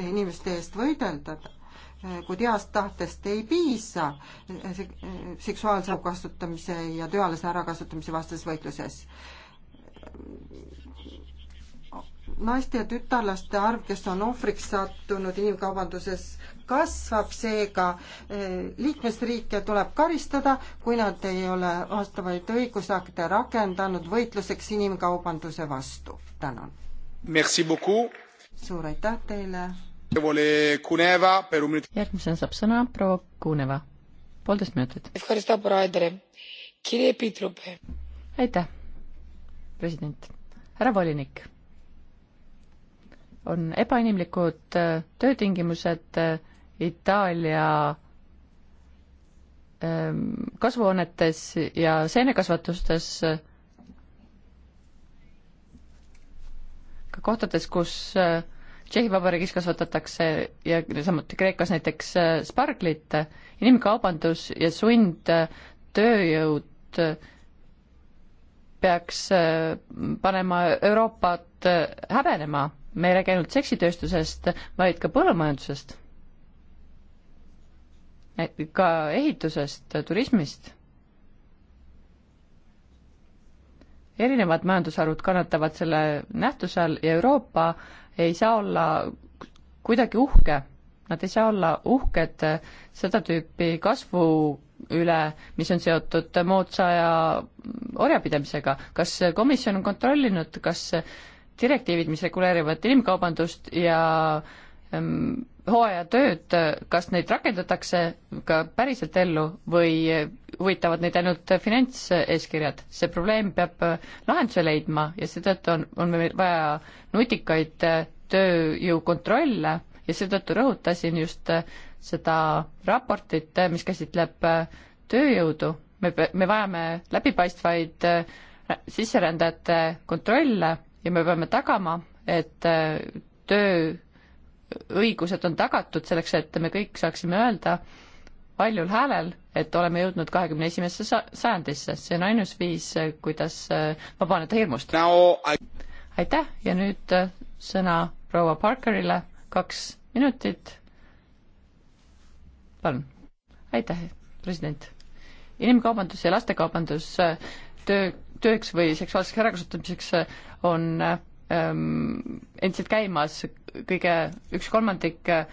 inimeste eest võidelda, kuid heast tahtest ei piisa seksuaalse kasutamise ja tööalase ärakasutamise vastases võitluses naiste ja tütarlaste arv, kes on ohvriks sattunud inimkaubanduses, kasvab, seega eh, liikmesriike tuleb karistada, kui nad ei ole vastavaid õigusakte rakendanud võitluseks inimkaubanduse vastu. tänan. suur aitäh teile. järgmisena saab sõna proua Kuneva, poolteist minutit. aitäh, president, härra volinik on ebainimlikud äh, töötingimused äh, Itaalia ähm, kasvuhoonetes ja seenekasvatustes, ka kohtades, kus äh, Tšehhi Vabariigis kasvatatakse ja samuti Kreekas näiteks äh, sparglit, inimkaubandus ja sundtööjõud äh, peaks panema Euroopat häbenema, me ei räägi ainult seksitööstusest, vaid ka põllumajandusest Eh, ka ehitusest, turismist. erinevad majandusharud kannatavad selle nähtuse all ja Euroopa ei saa olla kuidagi uhke, nad ei saa olla uhked seda tüüpi kasvu üle, mis on seotud moodsa ja orjapidamisega. kas komisjon on kontrollinud, kas direktiivid, mis reguleerivad inimkaubandust ja äh, Ehm, hooajatööd, kas neid rakendatakse ka päriselt ellu või huvitavad neid ainult finantseeskirjad. see probleem peab lahenduse leidma ja seetõttu on, on meil vaja nutikaid tööjõukontrolle ja seetõttu rõhutasin just seda raportit, mis käsitleb tööjõudu. me, me vajame läbipaistvaid sisserändajate kontrolle ja me peame tagama, et töö õigused on tagatud selleks, et me kõik saaksime öelda valjul häälel, et oleme jõudnud kahekümne esimesse sajandisse, see on ainus viis, kuidas äh, vabaneda hirmust no,. I... aitäh ja nüüd äh, sõna proua Parkerile, kaks minutit. palun. aitäh, president. inimkaubandus ja lastekaubandus äh, töö, tööks või seksuaalseks ärakasutamiseks on Ähm, endiselt käimas, kõige üks kolmandik äh,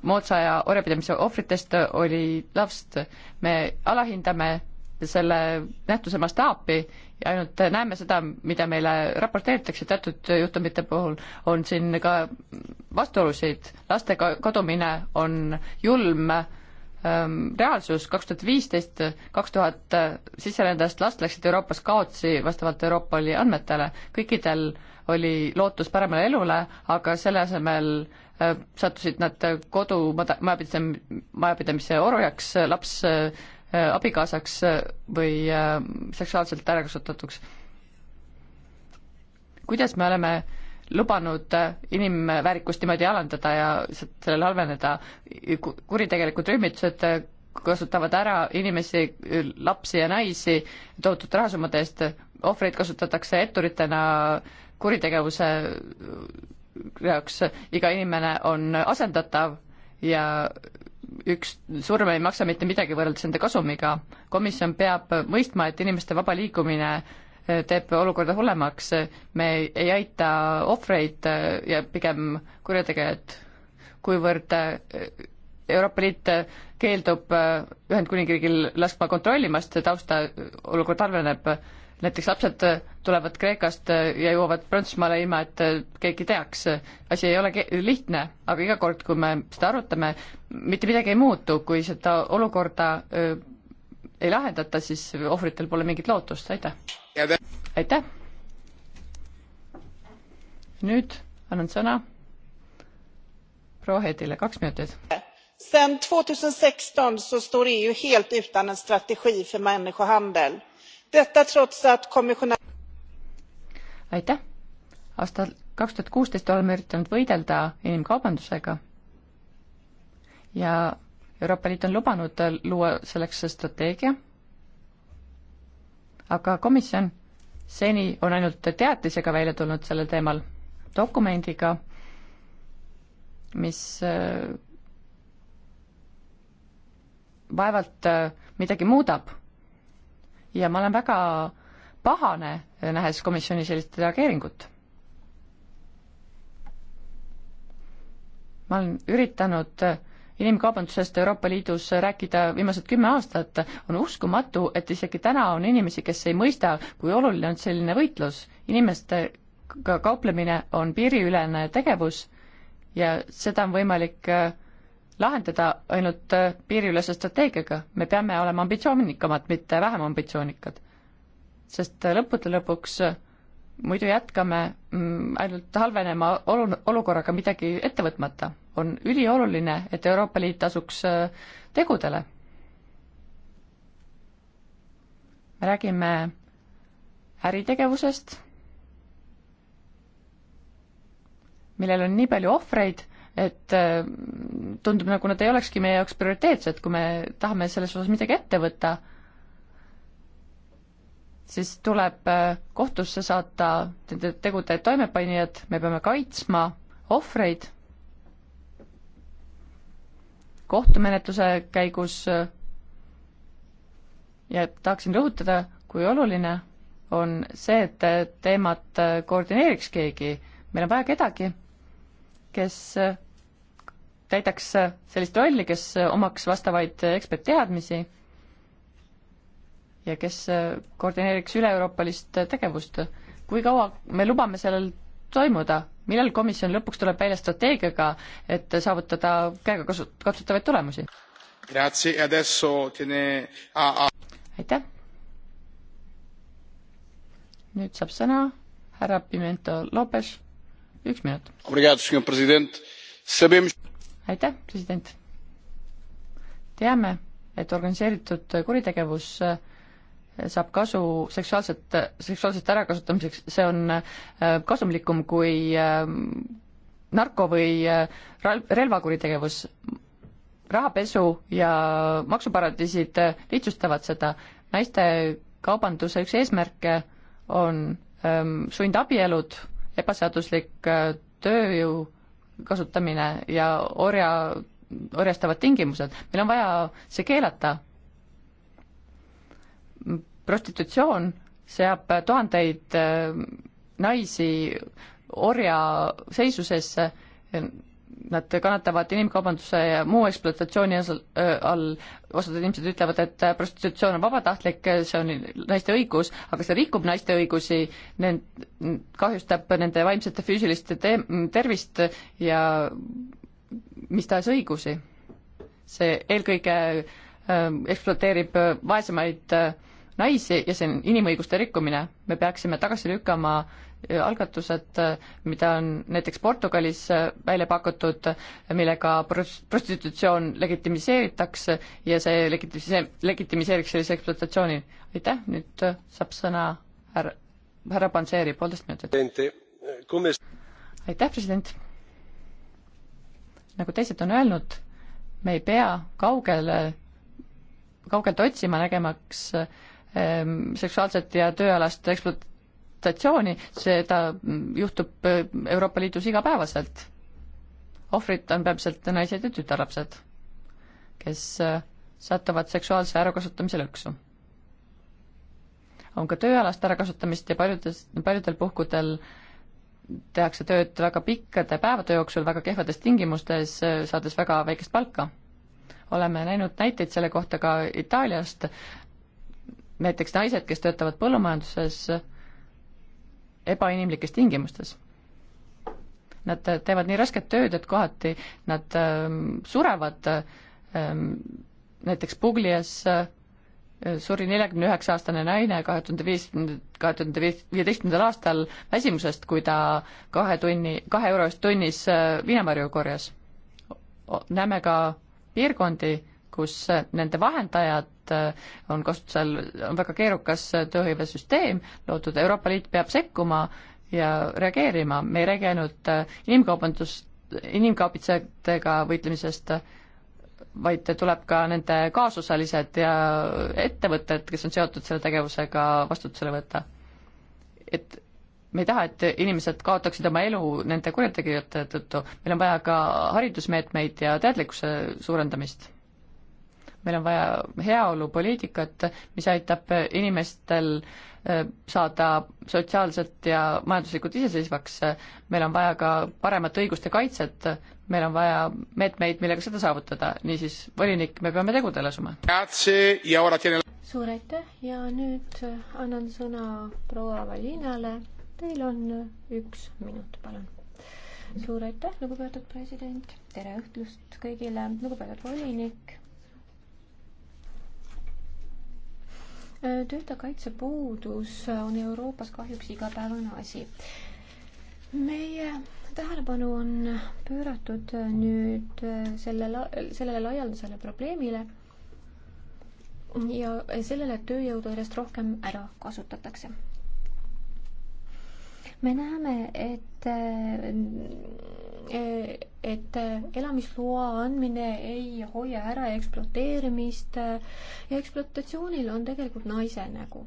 moodsa ja orjapidamise ohvritest oli last. me alahindame selle nähtuse mastaapi ja ainult näeme seda, mida meile raporteeritakse teatud juhtumite puhul, on siin ka vastuolusid, laste kadumine on julm ähm, reaalsus, kaks tuhat viisteist, kaks tuhat sisserändajast last läksid Euroopas kaotsi vastavalt Euroopa Liidu andmetele, kõikidel äh, oli lootus paremale elule, aga selle asemel äh, sattusid nad kodu majapidam-, majapidamise orjaks, laps äh, abikaasaks äh, või seksuaalselt ärakasutatuks. kuidas me oleme lubanud inimväärikust niimoodi alandada ja sellele halveneda, kuritegelikud rühmitused kasutavad ära inimesi, lapsi ja naisi tohutud rahasummade eest, ohvreid kasutatakse etturitena kuritegevuse jaoks, iga inimene on asendatav ja üks surm ei maksa mitte midagi võrreldes nende kasumiga. komisjon peab mõistma, et inimeste vaba liikumine teeb olukorda hullemaks, me ei aita ohvreid ja pigem kurjategijad, kuivõrd Euroopa Liit keeldub Ühendkuningriigil laskma kontrollimast tausta, olukord halveneb näiteks lapsed äh, tulevad Kreekast äh, ja jõuavad Prantsusmaale ilma, et äh, keegi teaks. asi ei ole lihtne, aga iga kord, kui me seda arutame, mitte midagi ei muutu, kui seda olukorda öö, ei lahendata, siis ohvritel pole mingit lootust, aitäh. aitäh. nüüd annan sõna proua Heedile, kaks minutit. Sen 2016 så står EU helt utan en strategi för människohandel Detta trots att kommissionär... aitäh! aastal kaks tuhat kuusteist oleme üritanud võidelda inimkaubandusega ja Euroopa Liit on lubanud luua selleks strateegia, aga komisjon seni on ainult teatisega välja tulnud sellel teemal, dokumendiga, mis äh, vaevalt äh, midagi muudab ja ma olen väga pahane, nähes komisjoni sellist reageeringut. ma olen üritanud inimkaubandusest Euroopa Liidus rääkida viimased kümme aastat, on uskumatu, et isegi täna on inimesi, kes ei mõista, kui oluline on selline võitlus. inimestega kauplemine on piiriülene tegevus ja seda on võimalik äh, lahendada ainult äh, piiriülese strateegiaga, me peame olema ambitsioonikamad, mitte vähem ambitsioonikad. sest äh, lõppude lõpuks äh, muidu jätkame mm, ainult halvenema olu-, olukorraga midagi ette võtmata. on ülioluline, et Euroopa Liit asuks tegudele. me räägime äritegevusest, millel on nii palju ohvreid et äh, tundub, nagu nad ei olekski meie jaoks prioriteetsed, kui me tahame selles osas midagi ette võtta, siis tuleb äh, kohtusse saata nende tegude toimepanijad, me peame kaitsma ohvreid, kohtumenetluse käigus äh, ja tahaksin rõhutada, kui oluline on see, et teemat koordineeriks keegi, meil on vaja kedagi, kes täidaks äh, sellist rolli, kes äh, omaks vastavaid äh, ekspertteadmisi ja kes koordineeriks üle-euroopalist tegevust. kui kaua me lubame sellel toimuda, millal komisjon lõpuks tuleb välja strateegiaga, et saavutada käegakatsutavaid tulemusi? E aitäh! nüüd saab sõna härra Pimento Lopes, üks minut aitäh, president. teame, et organiseeritud kuritegevus äh, saab kasu seksuaalset, äh, seksuaalsest ärakasutamiseks, see on äh, kasumlikum kui narko- või relvakuritegevus. rahapesu ja maksuparadiisid lihtsustavad seda. naistekaubanduse üks eesmärke on ähm, sundabielud, ebaseaduslik tööjõu kasutamine ja orja, orjastavad tingimused, meil on vaja see keelata. prostitutsioon seab tuhandeid äh, naisi orja seisusesse nad kannatavad inimkaubanduse ja muu ekspluatatsiooni all, osad inimesed ütlevad, et äh, prostitutsioon on vabatahtlik, see on naiste õigus, aga see rikub naiste õigusi, nend-, kahjustab nende vaimset ja füüsilist te-, tervist ja mis tahes õigusi. see eelkõige äh, ekspluateerib vaesemaid äh, naisi ja see on inimõiguste rikkumine, me peaksime tagasi lükkama äh, algatused, mida on näiteks Portugalis välja pakutud, millega prostitutsioon legitimiseeritakse ja see legitimise-, legitimiseeriks sellise ekspluatatsiooni. aitäh, nüüd saab sõna härra, härra Panseri, poolteist minutit. aitäh, president! nagu teised on öelnud, me ei pea kaugele, kaugelt otsima, nägemaks ähm, seksuaalset ja tööalast ekspluat-, mutatsiooni, seda juhtub äh, Euroopa Liidus igapäevaselt. ohvrid on peamiselt naised ja tütarlapsed, kes äh, satuvad seksuaalse ärakasutamise lõksu. on ka tööalast ärakasutamist ja paljudes, paljudel puhkudel tehakse tööd väga pikkade päevade jooksul väga kehvades tingimustes, äh, saades väga väikest palka. oleme näinud näiteid selle kohta ka Itaaliast, näiteks naised, kes töötavad põllumajanduses, ebainimlikes tingimustes. Nad teevad nii rasket tööd, et kohati nad ähm, surevad, ähm, näiteks Puglias äh, suri neljakümne üheksa aastane naine kahe tuhande viis, kahe tuhande viieteistkümnendal aastal väsimusest, kui ta kahe tunni, kahe euro eest tunnis äh, viinamarju korjas. näeme ka piirkondi, kus äh, nende vahendajad äh, on kasutusel, on väga keerukas äh, tööhõivesüsteem loodud, Euroopa Liit peab sekkuma ja reageerima, me ei räägi ainult inimkaubandust, inimkaubitsejatega võitlemisest, vaid tuleb ka nende kaasosalised ja ettevõtted, kes on seotud selle tegevusega, vastutusele võtta. et me ei taha, et inimesed kaotaksid oma elu nende kurjategijate tõttu, meil on vaja ka haridusmeetmeid ja teadlikkuse suurendamist meil on vaja heaolupoliitikat, mis aitab inimestel äh, saada sotsiaalselt ja majanduslikult iseseisvaks, meil on vaja ka paremat õiguste kaitset, meil on vaja meetmeid, millega seda saavutada, niisiis volinik, me peame tegudele asuma. suur aitäh ja nüüd äh, annan sõna proua Valinale, teil on äh, üks minut, palun suur aitäh, lugupeetud president, tere õhtust kõigile, lugupeetud volinik tööta kaitsepuudus on Euroopas kahjuks igapäevane asi. meie tähelepanu on pööratud nüüd selle, sellele laialdasele probleemile ja sellele, et tööjõudu järjest rohkem ära kasutatakse. me näeme, et et äh, et äh, elamisloa andmine ei hoia ära ekspluateerimist äh, ja ekspluatatsioonil on tegelikult naise nägu.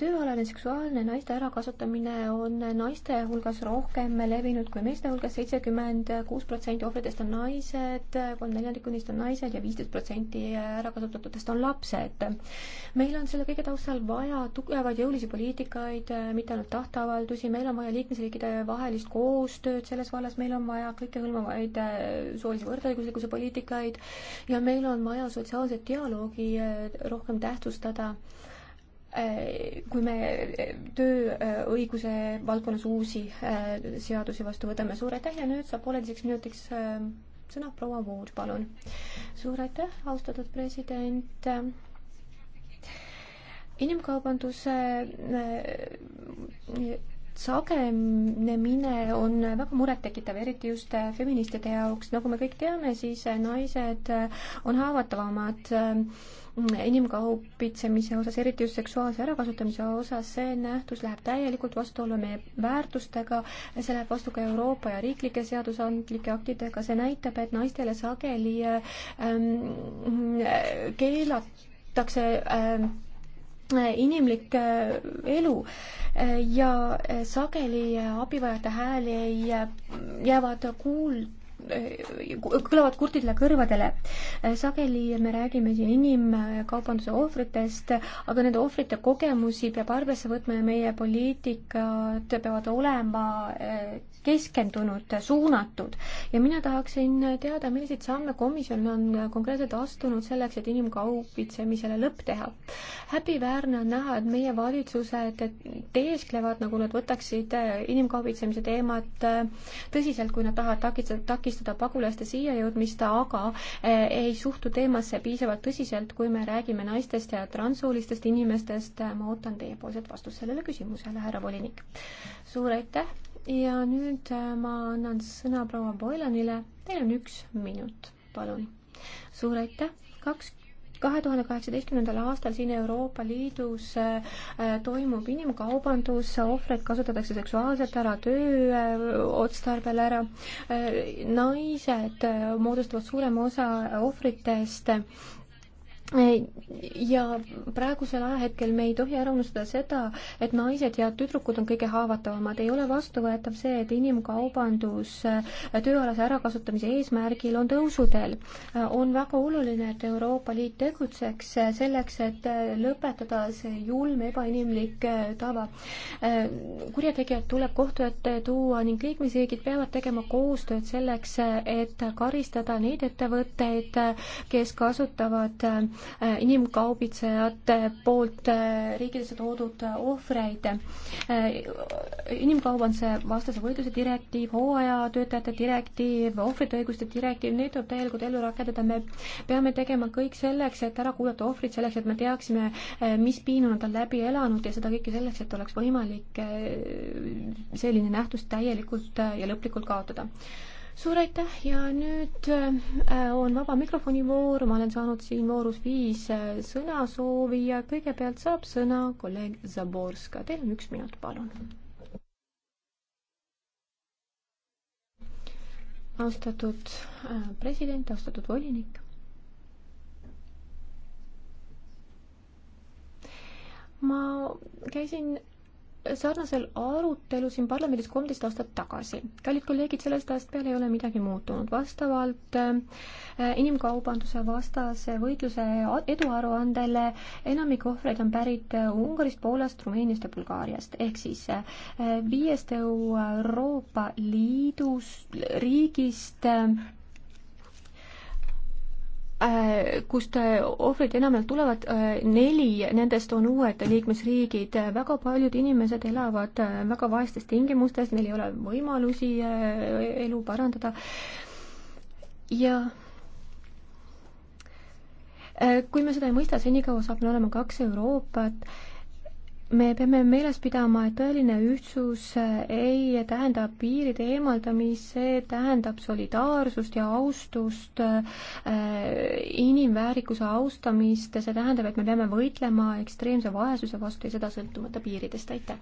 tööalane seksuaalne naiste ärakasutamine on naiste hulgas rohkem levinud kui meeste hulgas, seitsekümmend kuus protsenti ohvritest on naised, kolm neljandikku neist on naised ja viisteist protsenti ärakasutatutest on lapsed. meil on selle kõige taustal vaja tugevaid jõulisi poliitikaid, mitte ainult tahteavaldusi, meil on vaja liikmesriikide vahel vahelist koostööd selles vallas, meil on vaja kõikehõlmavaid äh, soolise võrdõiguslikkuse poliitikaid ja meil on vaja sotsiaalset dialoogi äh, rohkem tähtsustada äh, kui me tööõiguse valdkonnas uusi seadusi vastu võtame. suur aitäh ja nüüd saab pooleteiseks minutiks sõna proua Vood, palun. suur aitäh, austatud president. inimkaubanduse sagenemine on väga murettekitav, eriti just feministide jaoks, nagu me kõik teame, siis naised on haavatavamad mm, inimkaubitsemise osas, eriti just seksuaalse ärakasutamise osas, see nähtus läheb täielikult vastuollu meie väärtustega, see läheb vastu ka Euroopa ja riiklike seadusandlike aktidega, see näitab, et naistele sageli ähm, keelatakse ähm, inimlik äh, elu äh, ja äh, sageli abivajajate hääli ei jäävad kuulda kõlavad kurtidele kõrvadele. sageli me räägime siin inimkaubanduse ohvritest, aga nende ohvrite kogemusi peab arvesse võtma ja meie poliitikad peavad olema eh, keskendunud, suunatud. ja mina tahaksin teada, milliseid samme komisjon on konkreetselt astunud selleks, et inimkaubitsemisele lõpp teha. häbiväärne on näha, et meie valitsused teesklevad, nagu nad võtaksid eh, inimkaubitsemise teemat eh, tõsiselt, kui nad tahavad takistada, takistada takistada pagulaste siia jõudmist, aga eh, ei suhtu teemasse piisavalt tõsiselt, kui me räägime naistest ja transsoolistest inimestest. ma ootan teiepoolset vastust sellele küsimusele, härra volinik. suur aitäh ja nüüd eh, ma annan sõna proua Boylanile. Teil on üks minut, palun. suur aitäh, kaks kahe tuhande kaheksateistkümnendal aastal siin Euroopa Liidus äh, toimub inimkaubandus, ohvreid kasutatakse seksuaalselt ära, töö äh, otstarbel ära. Äh, naised moodustavad suurema osa ohvritest ja praegusel ajahetkel me ei tohi ära unustada seda, et naised ja tüdrukud on kõige haavatavamad, ei ole vastuvõetav see, et inimkaubandus äh, tööalase ärakasutamise eesmärgil on tõusuteel. Äh, on väga oluline, et Euroopa Liit tegutseks äh, selleks, et lõpetada see julm ebainimlik tava. kurjategijad tuleb kohtu ette tuua ning liikmesriigid peavad tegema koostööd selleks, et karistada neid ettevõtteid, kes kasutavad inimkaubitsejat isikute eh, poolt eh, riigidesse toodud eh, ohvreid. inimkaubanduse vastase võitluse direktiiv, hooajatöötajate direktiiv, ohvrite õiguste direktiiv, neid tuleb täielikult ellu rakendada, me peame tegema kõik selleks, et ära kuulata ohvrid, selleks et me teaksime, mis piin on tal läbi elanud ja seda kõike selleks, et oleks võimalik selline nähtus täielikult ja lõplikult kaotada suur aitäh ja nüüd äh, on vaba mikrofoni voor, ma olen saanud siin voorus viis äh, sõnasoovi ja kõigepealt saab sõna kolleeg Zaborska, teil on üks minut, palun. austatud äh, president, austatud volinik. ma käisin sarnasel arutelu siin parlamendis kolmteist aastat tagasi. kallid kolleegid, sellest ajast peale ei ole midagi muutunud. vastavalt äh, inimkaubanduse vastase võitluse eduaruandele enamik ohvreid on pärit äh, Ungarist, Poolast, Rumeeniast ja Bulgaariast. ehk siis äh, viiest Euroopa Liidus riigist Äh, kust äh, ohvrid enamjaolt tulevad, äh, neli nendest on uued liikmesriigid, väga paljud inimesed elavad väga vaestes tingimustes, neil ei ole võimalusi elu parandada ja kui me seda ei mõista, senikaua saab meil olema kaks Euroopat me peame meeles pidama, et tõeline ühtsus ei tähenda piiride eemaldamist, see tähendab solidaarsust ja austust, äh, inimväärikuse austamist ja see tähendab, et me peame võitlema ekstreemse vaesuse vastu ja seda sõltumata piiridest, aitäh!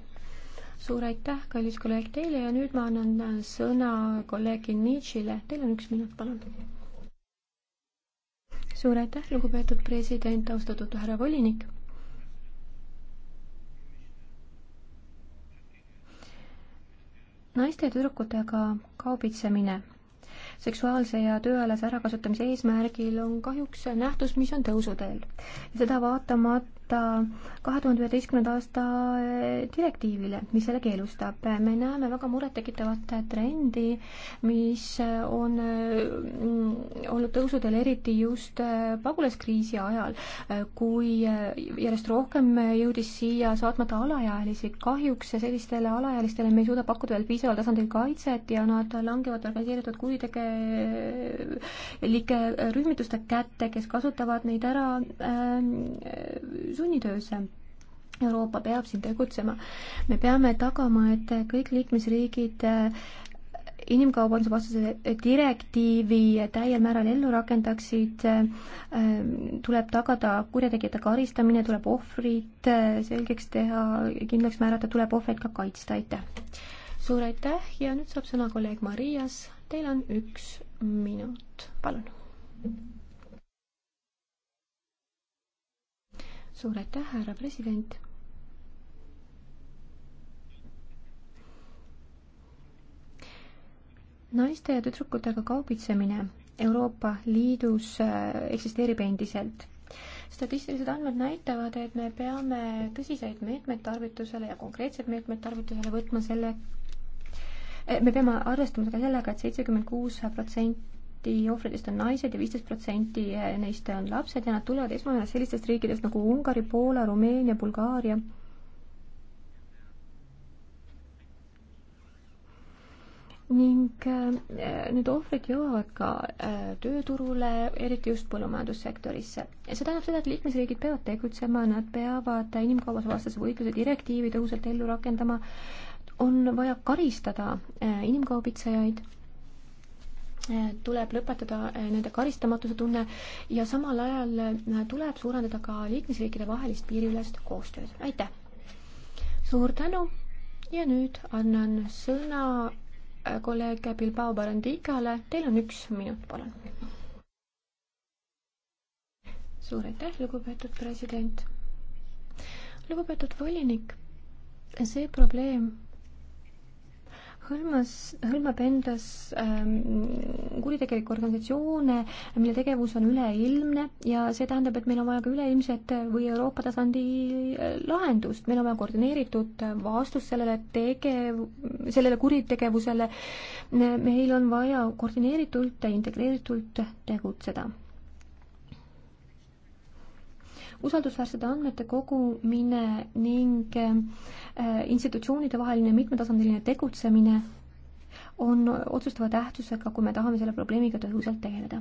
suur aitäh, kallis kolleeg teile ja nüüd ma annan äh, sõna kolleeg Nietzschele, teil on üks minut, palun. suur aitäh, lugupeetud president, austatud härra volinik naiste ja tüdrukutega kaubitsemine seksuaalse ja tööalase ärakasutamise eesmärgil on kahjuks nähtus, mis on tõusuteel. seda vaatamata vastata kahe tuhande üheteistkümnenda aasta eh, direktiivile, mis selle keelustab. me näeme väga murettekitavat trendi, mis on mm, olnud tõusudel eriti just eh, pagulaskriisi ajal, eh, kui järjest rohkem jõudis siia saatmata alaealisi. kahjuks sellistele alaealistele me ei suuda pakkuda veel piisaval tasandil kaitset ja nad langevad organiseeritud kuritegelike rühmituste kätte, kes kasutavad neid ära äh, sunnitöösse. Euroopa peab siin tegutsema. me peame tagama, et kõik liikmesriigid eh, inimkaubanduse vastase direktiivi täiel määral ellu rakendaksid, eh, tuleb tagada kurjategijate karistamine, tuleb ohvrid eh, selgeks teha, kindlaks määrata, tuleb ohvreid ka kaitsta, aitäh! suur aitäh ja nüüd saab sõna kolleeg Marias, teil on üks minut, palun! suur aitäh, härra president. naiste ja tüdrukutega kaubitsemine Euroopa Liidus äh, eksisteerib endiselt statistilised andmed näitavad, et me peame tõsiseid meetmeid tarvitusele ja konkreetseid meetmeid tarvitusele võtma selle, äh, me peame arvestama ka sellega et, et seitsekümmend kuus protsenti protsenti ohvritest on naised ja viisteist protsenti neist on lapsed ja nad tulevad esmajoones sellistest riikidest nagu Ungari, Poola, Rumeenia, Bulgaaria. ning äh, need ohvrid jõuavad ka äh, tööturule, eriti just põllumajandussektorisse. see tähendab seda, et liikmesriigid peavad tegutsema, nad peavad inimkaubandusvastase võitluse direktiivi tõhusalt ellu rakendama, on vaja karistada äh, inimkaubitsejaid tuleb lõpetada äh, nende karistamatuse tunne ja samal ajal äh, tuleb suurendada ka liikmesriikide vahelist piiriülest koostööd. aitäh! suur tänu ja nüüd annan sõna äh, kolleeg Bilbao Barandikale, teil on üks minut, palun. suur aitäh, lugupeetud president. lugupeetud volinik, see probleem hõlmas, hõlmab endas ähm, kuritegelikke organisatsioone, mille tegevus on üleilmne ja see tähendab, et meil on vaja ka üleilmset või Euroopa tasandi äh, lahendust, meil on vaja koordineeritud äh, vastust sellele tegev-, sellele kuritegevusele, meil on vaja koordineeritult ja integreeritult tegutseda usaldusväärsete andmete kogumine ning äh, institutsioonide vaheline mitmetasandiline tegutsemine on otsustava tähtsusega, kui me tahame selle probleemiga tõhusalt tegeleda.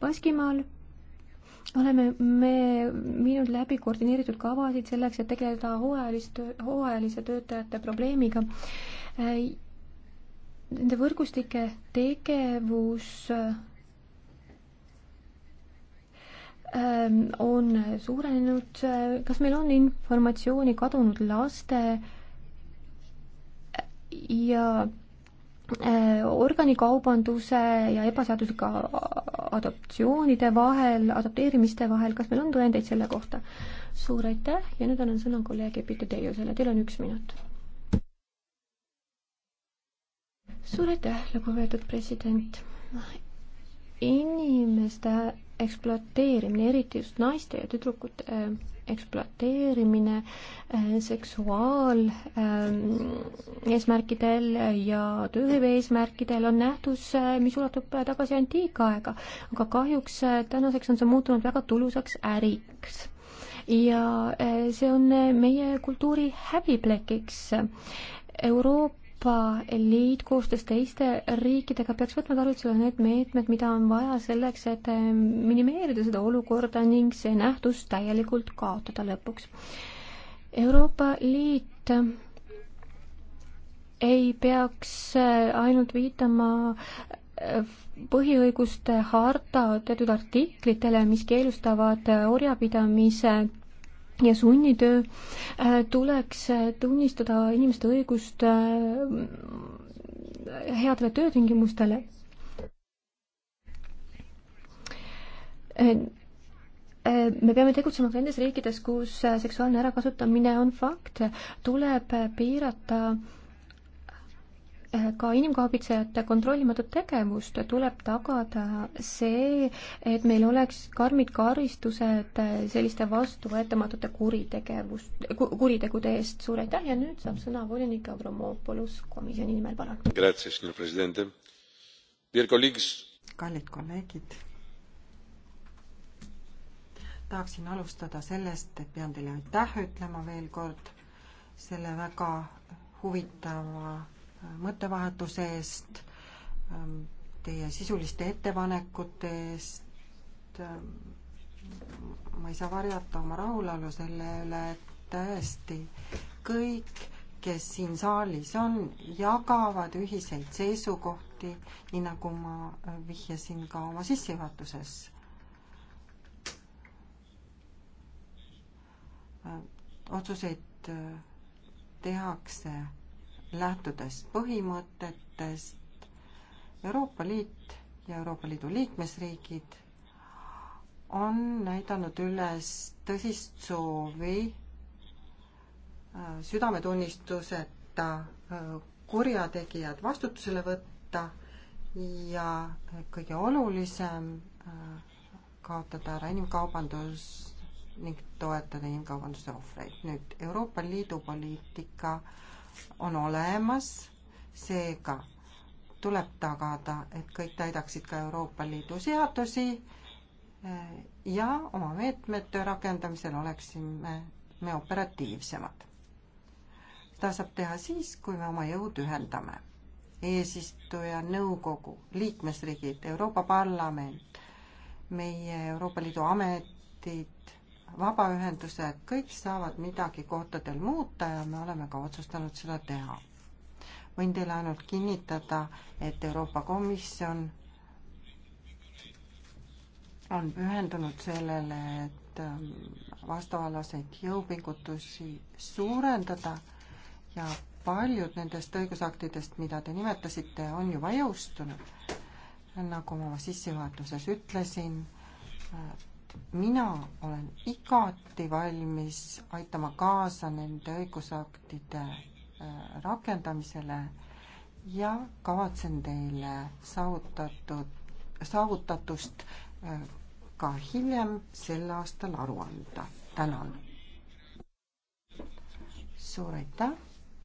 Baskimaal oleme me viinud läbi koordineeritud kavasid selleks, et tegeleda hooajalist, hooajalise töötajate probleemiga. Äh, nende võrgustike tegevus Ähm, on suurenenud, äh, kas meil on informatsiooni kadunud laste ja äh, organikaubanduse ja ebaseaduslike adoptsioonide vahel, adopteerimiste vahel, kas meil on tõendeid selle kohta? suur aitäh ja nüüd annan sõna kolleeg Epita Teiusele, teil on üks minut. suur aitäh, lugupeetud president. inimeste ekspluateerimine, eriti just naiste ja tüdrukute ähm, ekspluateerimine äh, seksuaal ähm, eesmärkidel ja tööhõive eesmärkidel on nähtus, äh, mis ulatub äh, tagasi antiikaega, aga kahjuks tänaseks on see muutunud väga tulusaks äriks ja see on meie kultuuri häbiplekiks. Euroopa Euroopa Liit koostöös teiste riikidega peaks võtma tarvitusele need meetmed, mida on vaja selleks, et äh, minimeerida seda olukorda ning see nähtus täielikult kaotada lõpuks. Euroopa Liit ei peaks äh, ainult viitama äh, põhiõiguste harta teatud artiklitele, mis keelustavad orjapidamise ja sunnitöö äh, tuleks äh, tunnistada inimeste õigust äh, headele töötingimustele. me peame tegutsema ka nendes riikides, kus seksuaalne ärakasutamine on fakt, tuleb piirata äh, ka inimkaubitsejate kontrollimatut tegevust, tuleb tagada see, et meil oleks karmid karistused selliste vastuvõetamatute kuritegevust, kuritegude eest. suur aitäh ja nüüd saab sõna volinik Avramopoulos komisjoni nimel, palun. kallid kolleegid, tahaksin alustada sellest, et pean teile aitäh ütlema veel kord selle väga huvitava mõttevahetuse eest, ähm, teie sisuliste ettepanekute eest. Ähm, ma ei saa varjata oma rahulolu selle üle, et tõesti kõik, kes siin saalis on, jagavad ühiseid seisukohti, nii nagu ma vihjasin ka oma sissejuhatuses äh, otsuseid äh, tehakse lähtudes põhimõtetest. Euroopa Liit ja Euroopa Liidu liikmesriigid on näidanud üles tõsist soovi äh, südametunnistuseta äh, kurjategijad vastutusele võtta ja kõige olulisem äh, kaotada ära inimkaubandus ning toetada inimkaubanduse ohvreid. nüüd Euroopa Liidu poliitika äh, on olemas, seega tuleb tagada, et kõik täidaksid ka Euroopa Liidu seadusi eh, ja oma meetmete rakendamisel oleksime me operatiivsemad. seda saab teha siis, kui me oma jõud ühendame. eesistuja, nõukogu, liikmesriigid, Euroopa Parlament, meie Euroopa Liidu ametid, vabaühendused, kõik saavad midagi kohtadel muuta ja me oleme ka otsustanud seda teha. võin teile ainult kinnitada, et Euroopa Komisjon on pühendunud sellele, et ähm, vastavalaseid jõupingutusi suurendada ja paljud nendest õigusaktidest, mida te nimetasite, on juba jõustunud. nagu ma oma sissejuhatuses ütlesin, äh, mina olen igati valmis aitama kaasa nende õigusaktide äh, rakendamisele ja kavatsen teile saavutatud, saavutatust äh, ka hiljem sel aastal aru anda. tänan. suur aitäh.